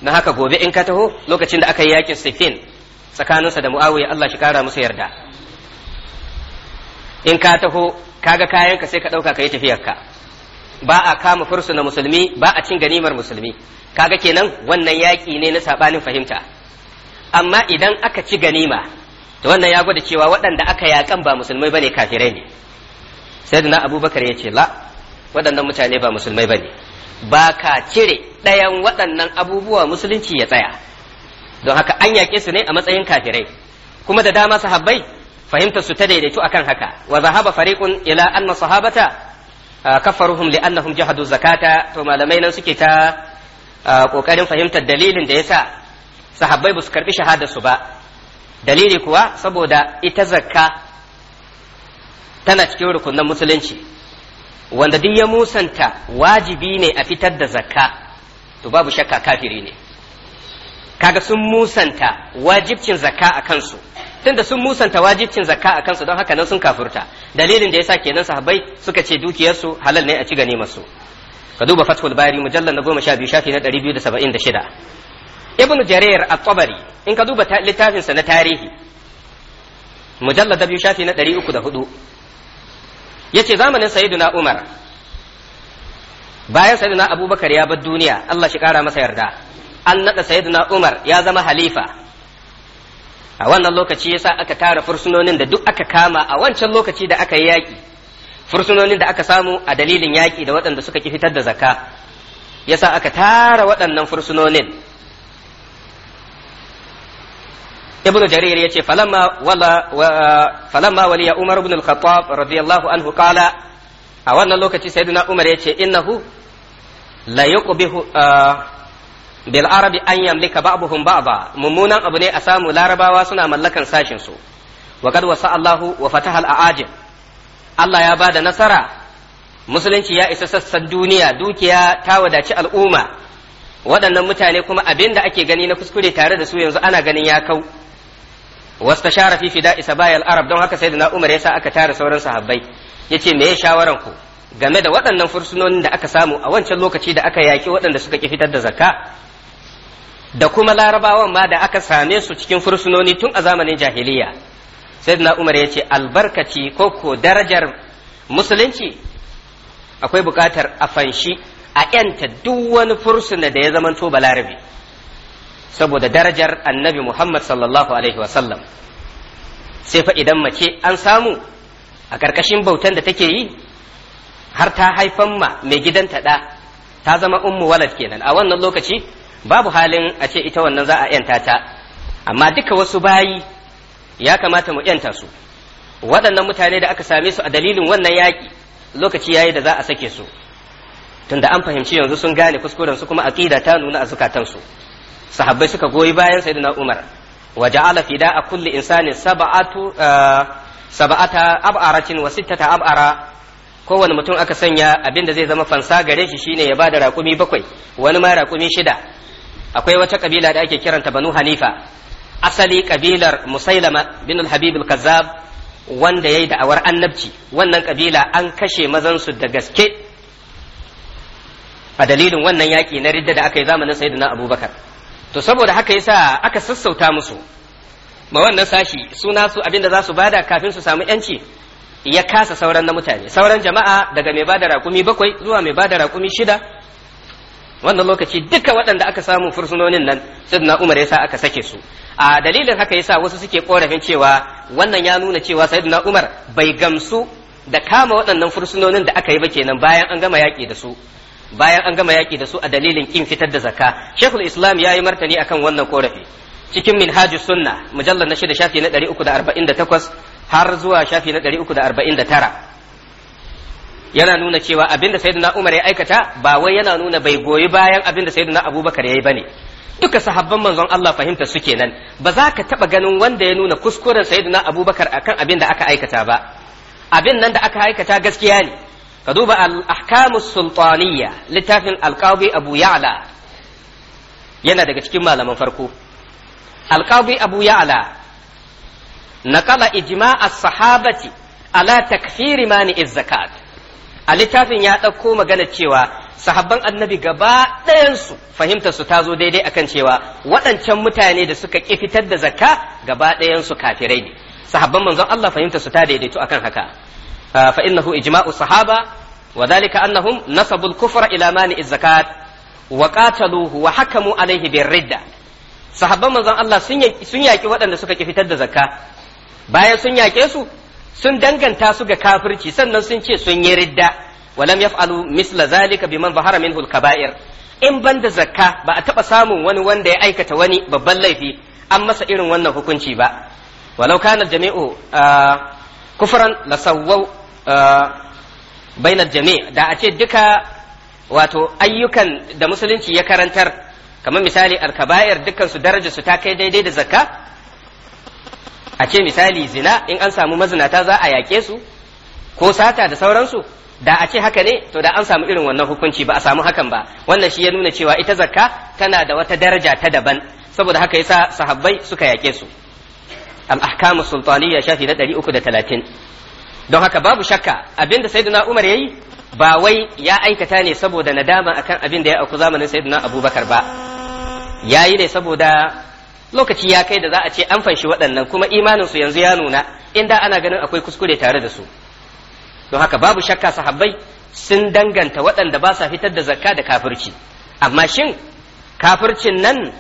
na haka gobe in ka taho lokacin da aka yi yaƙin sifin tsakaninsa da muawiya Allah shi kara musu yarda in ka taho kaga kayanka sai ka ɗauka ka yi tafiyarka ba a kama fursuna musulmi ba a cin ganimar musulmi kaga kenan wannan yaƙi ne na saɓanin fahimta amma idan aka ci ganima to wannan ya gwada cewa waɗanda aka yaƙan ba musulmai bane kafirai ne sai abubakar ya ce la waɗannan mutane ba musulmai bane ba ka cire ɗayan waɗannan abubuwa musulunci ya tsaya don haka an yaƙe su ne a matsayin kafirai kuma da dama sahabbai fahimtar su ta daidaitu akan haka wa zahaba fariqun ila anna sahabata ah, kafaruhum annahum jahadu zakata to malamai nan suke ta kokarin ah, fahimtar dalilin da yasa sahabbai ba su karbi shahada su ba dalili kuwa saboda ita zakka tana cikin rukunin musulunci wanda duk ya musanta wajibi ne a fitar da zakka to babu shakka kafiri ne kaga sun musanta wajibcin zakka a kansu tunda sun musanta wajibcin zakka a kansu don haka nan sun kafurta dalilin da yasa kenan sahabbai suka ce dukiyarsu halal ne a ci ganimar masu ka duba fathul bari mujallal na goma sha biyu shafi na ɗari biyu da saba'in da shida ibnu jarir at-tabari in ka duba littafinsa na tarihi mujallal da biyu shafi na ɗari uku da hudu yace zamanin sayyiduna umar bayan sayyiduna abubakar ya bar duniya Allah shi kara masa yarda an naɗa sayyidina Umar ya zama halifa a wannan lokaci yasa aka tara fursunonin da duk aka kama a wancan lokaci da aka yi yaƙi fursunonin da aka samu a dalilin yaƙi da waɗanda suka ki fitar da zakka yasa aka tara waɗannan fursunonin ibnu jarir yace falamma wala falamma waliya umar ibn al-khattab radiyallahu anhu qala a wannan lokaci sayyidina umar yace innahu la yuqbihu ah, bil arabi an yamlika ba'dhum ba'dha mummunan abu ne a samu larabawa suna mallakan sashin su wa wasu wasa Allahu wa fataha al-aajil Allah ya bada nasara musulunci ya isa sassan duniya dukiya ta wadaci al'umma waɗannan mutane kuma abin da ake gani na kuskure tare da su yanzu ana ganin ya kau wasta shara fi fida isa bayal arab don haka sai da umar ya sa aka tara sauran sahabbai yace me ya shawaran ku game da waɗannan fursunonin da aka samu a wancan lokaci da aka yaƙi waɗanda suka ki fitar da zakka da kuma larabawan ma da aka same su cikin fursunoni tun a zamanin jahiliya na umar ya ce albarkaci ko ko darajar musulunci akwai buƙatar a fanshi a yanta duk wani fursuna da ya zamanto balarabe saboda darajar annabi muhammad sallallahu alaihi wasallam sai fa idan mace an samu a ƙarƙashin bautan da take yi har ta haifan ma mai gidanta ɗa ta zama ummu walad kenan a wannan lokaci babu halin a ce ita wannan za a yanta ta amma duka wasu bayi ya kamata mu yanta su waɗannan mutane da aka same su a dalilin wannan yaƙi lokaci yayi da za a sake su tunda an fahimci yanzu sun gane kuskuren su kuma aqida ta nuna a zukatansu sahabbai suka goyi bayan sayyidina Umar wa ja'ala da'a kulli insani sab'atu eh, sab'ata ab'aratin wa sittata ab'ara kowane mutum aka sanya abin da zai zama fansa gare shi shine ya bada raƙumi bakwai wani ma raƙumi shida akwai wata kabila da ake kiranta banu hanifa asali kabilar musailama bin al-habib al-kazzab wanda yayi da'awar annabci wannan kabila an kashe mazansu da gaske a dalilin wannan yaki na ridda da aka yi zamanin sayyidina abubakar to saboda haka yasa aka sassauta musu ma wannan sashi suna su abinda za su bada kafin su samu yanci ya kasa sauran na mutane sauran jama'a daga mai bada rakumi bakwai zuwa mai bada rakumi shida wannan lokaci duka waɗanda aka samu fursunonin nan na Umar yasa aka sake su a dalilin haka yasa wasu suke korafin cewa wannan ya nuna cewa sayyidina Umar bai gamsu da kama waɗannan fursunonin da aka yi ba kenan bayan an gama yaƙi da su bayan an gama yaƙi da su a dalilin kin fitar da zakka Sheikhul Islam ya yi martani akan wannan korafi cikin Minhajus Sunna mujallar na shida shafi na 348 har zuwa shafi na 349 yana nuna cewa abinda sayyidina Umar ya aikata ba wai yana nuna bai goyi bayan abinda sayyidina Abubakar yayi bane duka sahabban manzon Allah fahimta su nan ba za ka taba ganin wanda ya nuna kuskuren sayyidina Abubakar akan abin da aka aikata ba abin nan da aka aikata gaskiya ne ka duba al-ahkamus sultaniya littafin al-qadi Abu Ya'la yana daga cikin malaman farko al-qadi Abu Ya'la naqala ijma' as-sahabati ala takfiri mani zakat a littafin ya ɗauko magana cewa sahabban annabi gaba ɗayansu fahimtar ta zo daidai akan cewa waɗancan mutane da suka ƙi fitar da zakka gaba ɗayansu kafirai ne sahabban manzon Allah fahimtar ta daidaito akan haka fa innahu ijma'u sahaba wa dhalika annahum nasabul kufra ila mani zakat wa qataluhu wa hakamu Alayhi bir ridda sahabban manzon Allah sun yaki waɗanda suka ƙi fitar da zakka bayan sun yake su sun danganta su ga kafirci sannan sun ce sun yi ridda walam yaf'alu misla zalika biman zahara minhu al-kaba'ir in banda zakka ba a taba samun wani wanda ya aikata wani babban laifi an masa irin wannan hukunci ba walau kana jami'u ah, kufran lasawwau ah, bainal jami' da a ce duka wato ayyukan da musulunci ya karantar kamar misali al-kaba'ir dukkan su darajar su ta kai daidai da zakka a ce misali zina in an samu mazinata za a yaƙe su ko sata da sauransu da a ce haka ne to da an samu irin wannan hukunci ba a samu hakan ba wannan shi ya nuna cewa ita zakka tana da wata daraja ta daban saboda haka yasa sahabbai suka yaƙe su al-ahkamu sultaniyya shafi na 330 don haka babu shakka abinda sayyidina Umar yayi ba wai ya aikata ne saboda nadama akan abin da ya auku zamanin sayyidina Abubakar ba yayi ne saboda lokaci ya kai da za a ce an fanshi waɗannan kuma imaninsu yanzu ya nuna inda ana ganin akwai kuskure tare da su don haka babu shakka sahabbai sun danganta waɗanda ba sa fitar da zakka da kafirci amma shin kafircin nan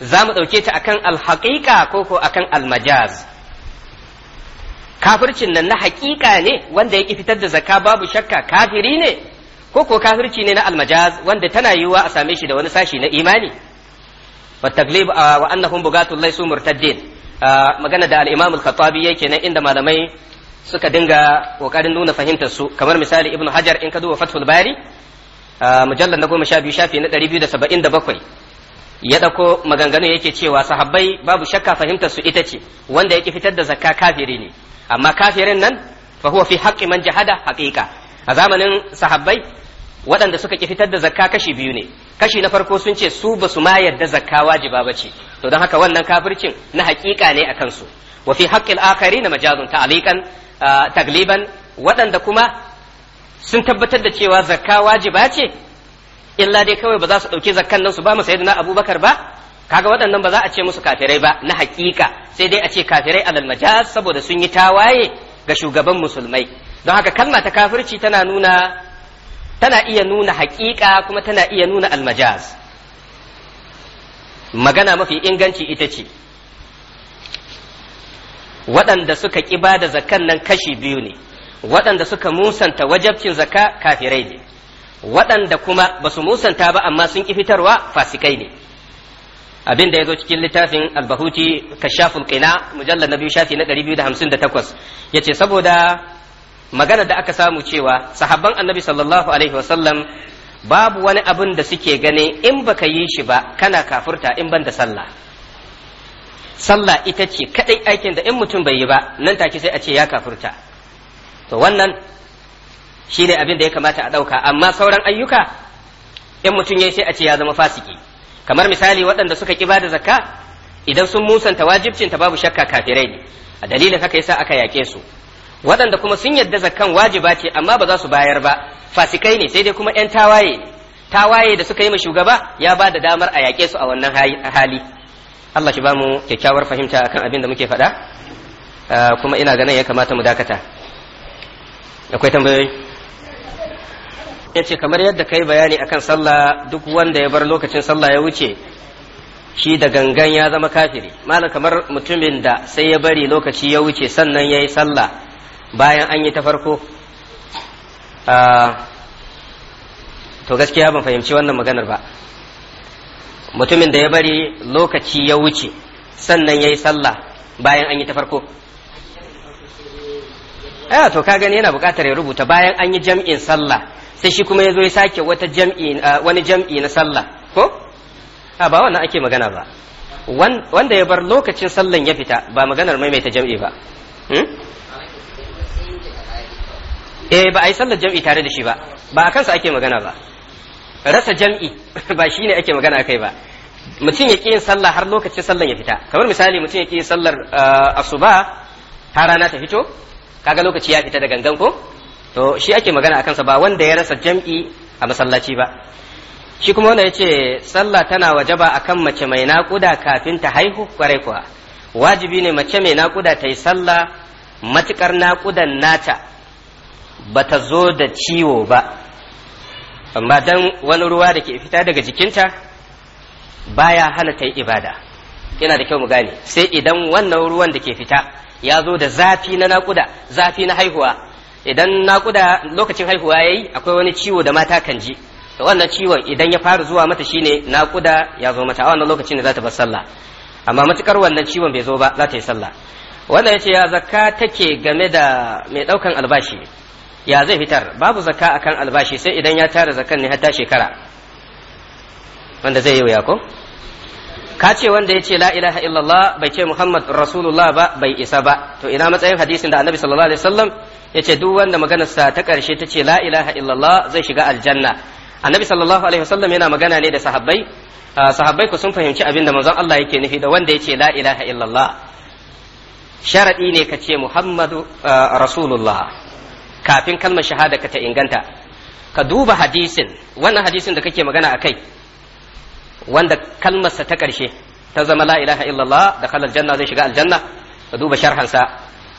za mu ɗauke ta akan alhaƙiƙa ko ko akan almajaz kafircin nan na haƙiƙa ne wanda ya ƙi fitar da zakka babu shakka kafiri ne ko ko kafirci ne na almajaz wanda tana yiwuwa a same shi da wani sashi na imani wa taglib wa annahum bugatul laysu murtaddin magana da al al-khattabi yake nan inda malamai suka dinga kokarin nuna fahimtar su kamar misali ibnu hajar in ka duba fathul bari mujallal na goma sha biyu shafi na ɗari biyu da saba'in da bakwai ya ɗauko maganganu yake cewa sahabbai babu shakka fahimtar su ita ce wanda yake fitar da zakka kafiri ne amma kafirin nan fa huwa fi haƙƙi man jahada haƙiƙa a zamanin sahabbai waɗanda suka ki fitar da zakka kashi biyu ne kashi na farko sun ce su ba su ma yarda zakka wajiba ba ce to don haka wannan kafircin na haƙiƙa ne a kansu wa fi haƙƙil akari na majazun ta'alikan tagliban waɗanda kuma sun tabbatar da cewa zakka wajiba ce illa dai kawai ba za su ɗauki zakkan nan su ba mu na abubakar ba kaga waɗannan ba za a ce musu kafirai ba na hakika sai dai a ce kafirai alal majaz saboda sun yi tawaye ga shugaban musulmai don haka kalma ta kafirci tana nuna tana iya nuna haƙiƙa kuma tana iya nuna almajaz magana mafi inganci ita ce waɗanda suka ƙi da zakan nan kashi biyu ne waɗanda suka musanta wajabcin zaka kafirai ne waɗanda kuma ba su musanta ba amma sun ƙi fitarwa fasikai ne abin da ya zo cikin littafin albahuti kashafin ƙina mujallar na biyu shafi na 258 ce saboda magana da aka samu cewa sahabban annabi sallallahu alaihi wasallam babu wani abin da suke gane in baka yi shi ba kana kafurta in ban da sallah sallah ita ce kadai aikin da in mutum bai yi ba nan take sai a ce ya kafurta to wannan shine abin da ya kamata a ɗauka amma sauran ayyuka in mutum ya sai a ce ya zama fasiki kamar misali waɗanda suka ƙi bada zakka idan sun musanta wajibcin ta babu shakka kafirai ne a dalilin haka yasa aka yake su waɗanda kuma sun yadda zakkan wajiba ce amma ba za su bayar ba fasikai ne sai dai kuma 'yan tawaye tawaye da suka yi ma shugaba ya ba da damar a yaƙe su a wannan hali Allah shi ba mu kyakkyawar fahimta akan abin da muke faɗa ah, kuma ina ganin ya kamata mu dakata akwai tambayoyi yace kamar yadda kai bayani akan sallah duk wanda ya bar lokacin sallah ya wuce shi da gangan ya zama kafiri malam kamar mutumin da sai ya bari lokaci ya wuce sannan ya yi sallah bayan an yi ta farko ah, to gaskiya ban fahimci wannan maganar ba mutumin da ya bari lokaci ya wuce sannan ya yi sallah bayan an yi ta farko Aya, eh, to ka gani yana buƙatar ya rubuta bayan an yi jam'in sallah sai shi kuma ya zo ya sake wata jam'i ah, wani jam'i na sallah ko a ah, ba wannan ake magana ba wanda ya bar lokacin sallan ya fita ba maganar maimaita jam'i ba hmm? eh ba a yi sallar jam'i tare da shi ba ba a kansa ake magana ba rasa jam'i ba shi ne ake magana kai ba mutum ya yin sallah har lokacin sallar ya fita kamar misali mutum ya yin sallar uh, asuba har rana ta fito kaga lokaci ya fita da gangan ko to shi ake magana a kansa ba wanda ya rasa jam'i a masallaci ba shi kuma wanda ya ce sallah tana wajaba akan mace mai naƙuda kafin ta haihu kwarai kuwa wajibi ne mace mai naƙuda ta yi sallah matuƙar naƙudan nata ba ta zo da ciwo ba amma don wani ruwa da ke fita daga jikinta baya hana ta yi ibada yana da kyau mu gane sai idan wannan ruwan da ke fita ya zo da zafi na naƙuda zafi na haihuwa idan naƙuda lokacin haihuwa ya yi akwai wani ciwo da mata kan ji to wannan ciwon idan ya fara zuwa mata shine naƙuda ya zo mata a wannan lokacin da za ta bar sallah amma matukar wannan ciwon bai zo ba za ta yi sallah wannan ya ce ya zakka take game da mai ɗaukan albashi ya zai fitar babu zaka akan albashi sai idan ya tara zakan ne hatta shekara wanda zai yi wuya ko ka ce wanda ya ce la ilaha illallah bai ce muhammad rasulullah ba bai isa ba to ina matsayin hadisin da annabi sallallahu alaihi wasallam ya ce duk wanda maganarsa ta karshe ta ce la ilaha illallah zai shiga aljanna annabi sallallahu alaihi wasallam yana magana ne da sahabbai ah, sahabbai ku sun fahimci abin da manzon Allah yake nufi da wanda ya ce la ilaha illallah sharadi ne ka ce muhammadu ah, rasulullah kafin kalmar shahada ka ta inganta ka duba hadisin wannan hadisin da kake magana a kai wanda kalmarsa ta ƙarshe ta zama la ilaha illallah da kalal janna zai shiga aljanna ka duba sharhansa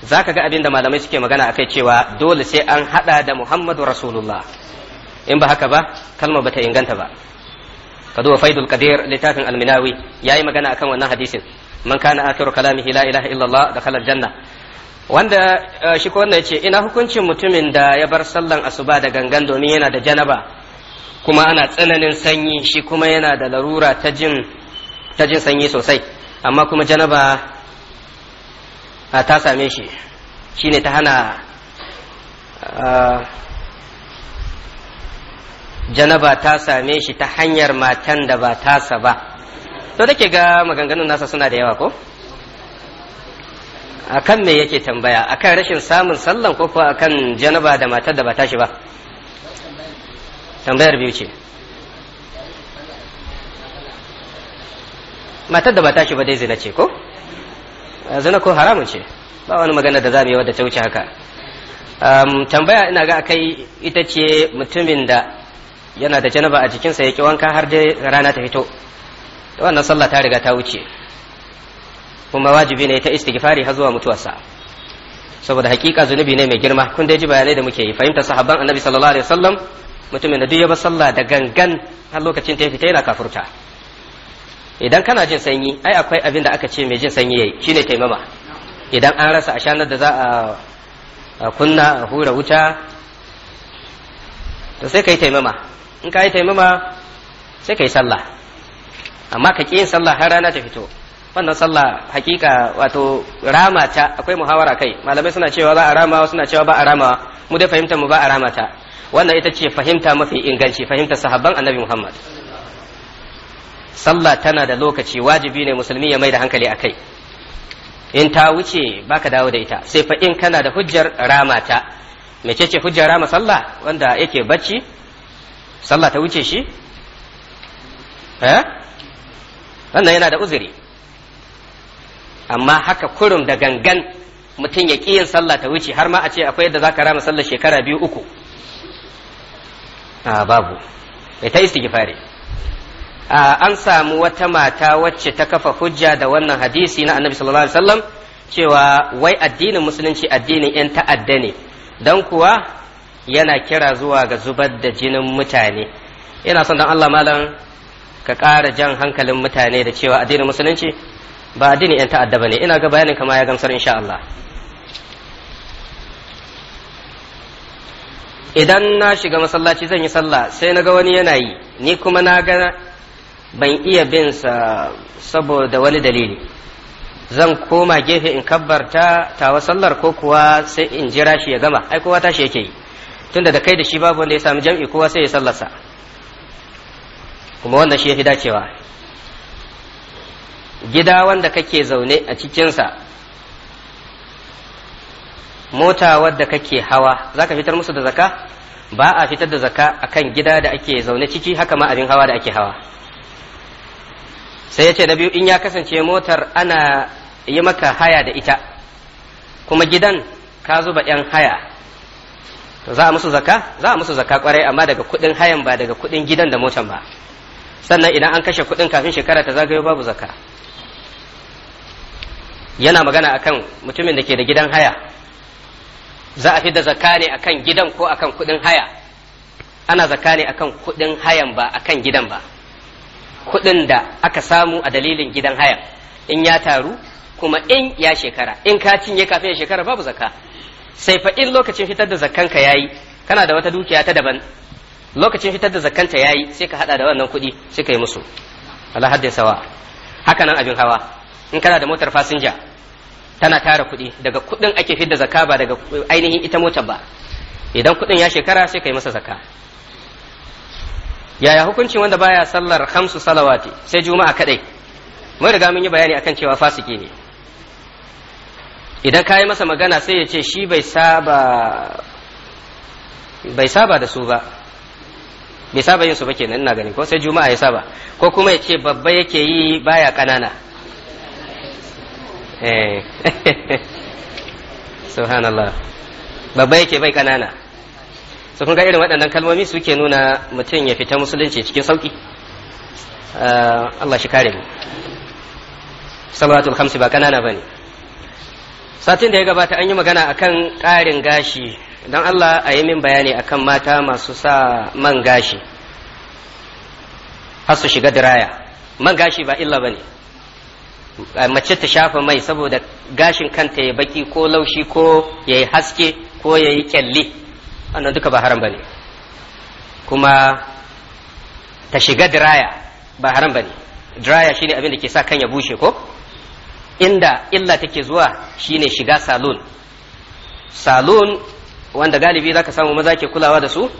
za ka ga abin da malamai suke magana a kai cewa dole sai an haɗa da muhammadu rasulullah in ba haka ba kalmar bata inganta ba ka duba faidul qadir littafin alminawi yayi magana akan wannan hadisin man kana akhiru kalamihi la ilaha illallah da kalal janna wanda eh, shi ko wanda ce ina hukuncin mutumin da ya bar sallan asuba da gangan domin yana da janaba kuma ana tsananin sanyi shi kuma yana da larura ta jin ta jin sanyi sosai amma kuma janaba ta same shi shine ta hana janaba ta same shi ta hanyar matan da ba tasa ba to da ga maganganun nasa suna da yawa ko akan me yake tambaya akan rashin samun sallan ko a akan janaba da matar da ba tashi ba tambayar biyu ce matar da ba tashi ba dai zina ce ko zina ko haramun ce ba wani magana da za mu yi wadda ta wuce haka tambaya ina ga akai ita ce mutumin da yana da janaba a jikinsa ya ki wanka har dai rana ta fito wannan sallah ta riga ta wuce kuma wajibi ne ta istighfari har zuwa mutuwarsa saboda hakika zunubi ne mai girma kun dai ji bayanai da muke yi fahimta sahabban annabi sallallahu alaihi wasallam mutumin da duk ya bar sallah da gangan har lokacin ta fita yana kafurta idan kana jin sanyi ai akwai abin da aka ce mai jin sanyi yayi shine taimama idan an rasa ashanar da za a kunna a hura wuta to sai kai taimama in ka yi taimama sai kai sallah amma ka ƙi yin sallah har rana ta fito wannan sallah hakika wato rama ta akwai muhawara kai malamai suna cewa ba a rama suna cewa ba a rama mu dai fahimta mu ba a rama ta wannan ita ce fahimta mafi inganci fahimta sahabban annabi Muhammad sallah tana da lokaci wajibi ne musulmi ya mai da hankali a kai in ta wuce baka dawo da ita sai fa in kana da hujjar rama ta ce hujjar rama sallah wanda yake bacci sallah ta wuce shi eh wannan yana da uzuri amma haka kurum da gangan mutum ya ƙi yin sallah ta wuce har ma a ce akwai yadda za ka rama sallah shekara biyu uku a babu ya ta istighfari an samu wata mata wacce ta kafa hujja da wannan hadisi na annabi sallallahu alaihi wasallam cewa wai addinin musulunci addinin yan ta'adda ne dan kuwa yana kira zuwa ga zubar da jinin mutane yana son dan Allah malam ka ƙara jan hankalin mutane da cewa addinin musulunci ba addini yan ta'adda ba ne ina ga bayanin kama ya gamsar insha Allah idan na shiga masallaci zan yi sallah sai na ga wani yana yi ni kuma na ga ban iya bin sa saboda wani dalili zan koma gefe in kabbarta tawa sallar ko kuwa sai in jira shi ya gama ai kowa tashi yake yi tunda da kai da shi babu wanda ya samu jam'i kowa sai ya sallarsa kuma wannan shi ya fi dacewa gida wanda kake zaune a cikinsa mota wadda kake hawa za ka fitar musu da zaka ba a fitar da zaka a kan gida da ake zaune ciki haka ma abin hawa da ake hawa sai ya ce na biyu in ya kasance motar ana yi maka haya da ita kuma gidan ka zuba 'yan haya to za a musu zaka za a musu zaka kwarai amma daga kudin hayan ba daga kudin gidan da motan ba sannan idan an kashe kudin kafin shekara ta zagayo babu zaka yana magana akan mutumin da ke da gidan haya za a fi da zakane ne akan gidan ko akan kudin haya ana zakane ne akan kudin hayan ba akan gidan ba kudin da aka samu a dalilin gidan hayan in ya taru kuma in ya shekara in ka cinye kafin ya shekara babu zaka sai fa in lokacin fitar da ya yayi kana da wata dukiya ta daban lokacin fitar da zakanta yayi sai ka haɗa da wannan kuɗi sai ka yi musu Allah haddasa sawa haka nan abin hawa in kana da motar fasinja tana tara kuɗi daga kuɗin ake fidda zaka ba daga ainihin ita mota ba idan kuɗin ya shekara sai kai masa zaka yaya hukunci wanda baya sallar hamsu salawati sai juma'a kadai mun riga mun yi bayani akan cewa fasiki ne idan ka yi masa magana sai ya ce shi bai saba bai saba da su ba bai saba yin su ba kenan ina gani ko sai juma'a ya saba ko kuma ya ce babba yake yi baya kanana Eh. subhanallah babba yake bai kanana su kun ga irin waɗannan kalmomi suke nuna mutum ya fita musulunci cikin sauƙi. Eh, Allah shi kare mu salawatul khamsi ba kanana ne. satin da ya gabata an yi magana akan ƙarin gashi don Allah a yi min bayani akan mata masu sa man gashi har su shiga diraya man gashi ba illa ba ne. Eh, mace ta shafa mai saboda gashin kanta ya baki ko laushi ko ya yi haske ko ya yi kyalli wannan duka ba haram ba ne kuma ta shiga diraya ba haram ba ne diraya shine abin da ke sa kan ya bushe ko inda illa take zuwa shine shiga salon salon wanda galibi za ka samu maza ke kulawa da su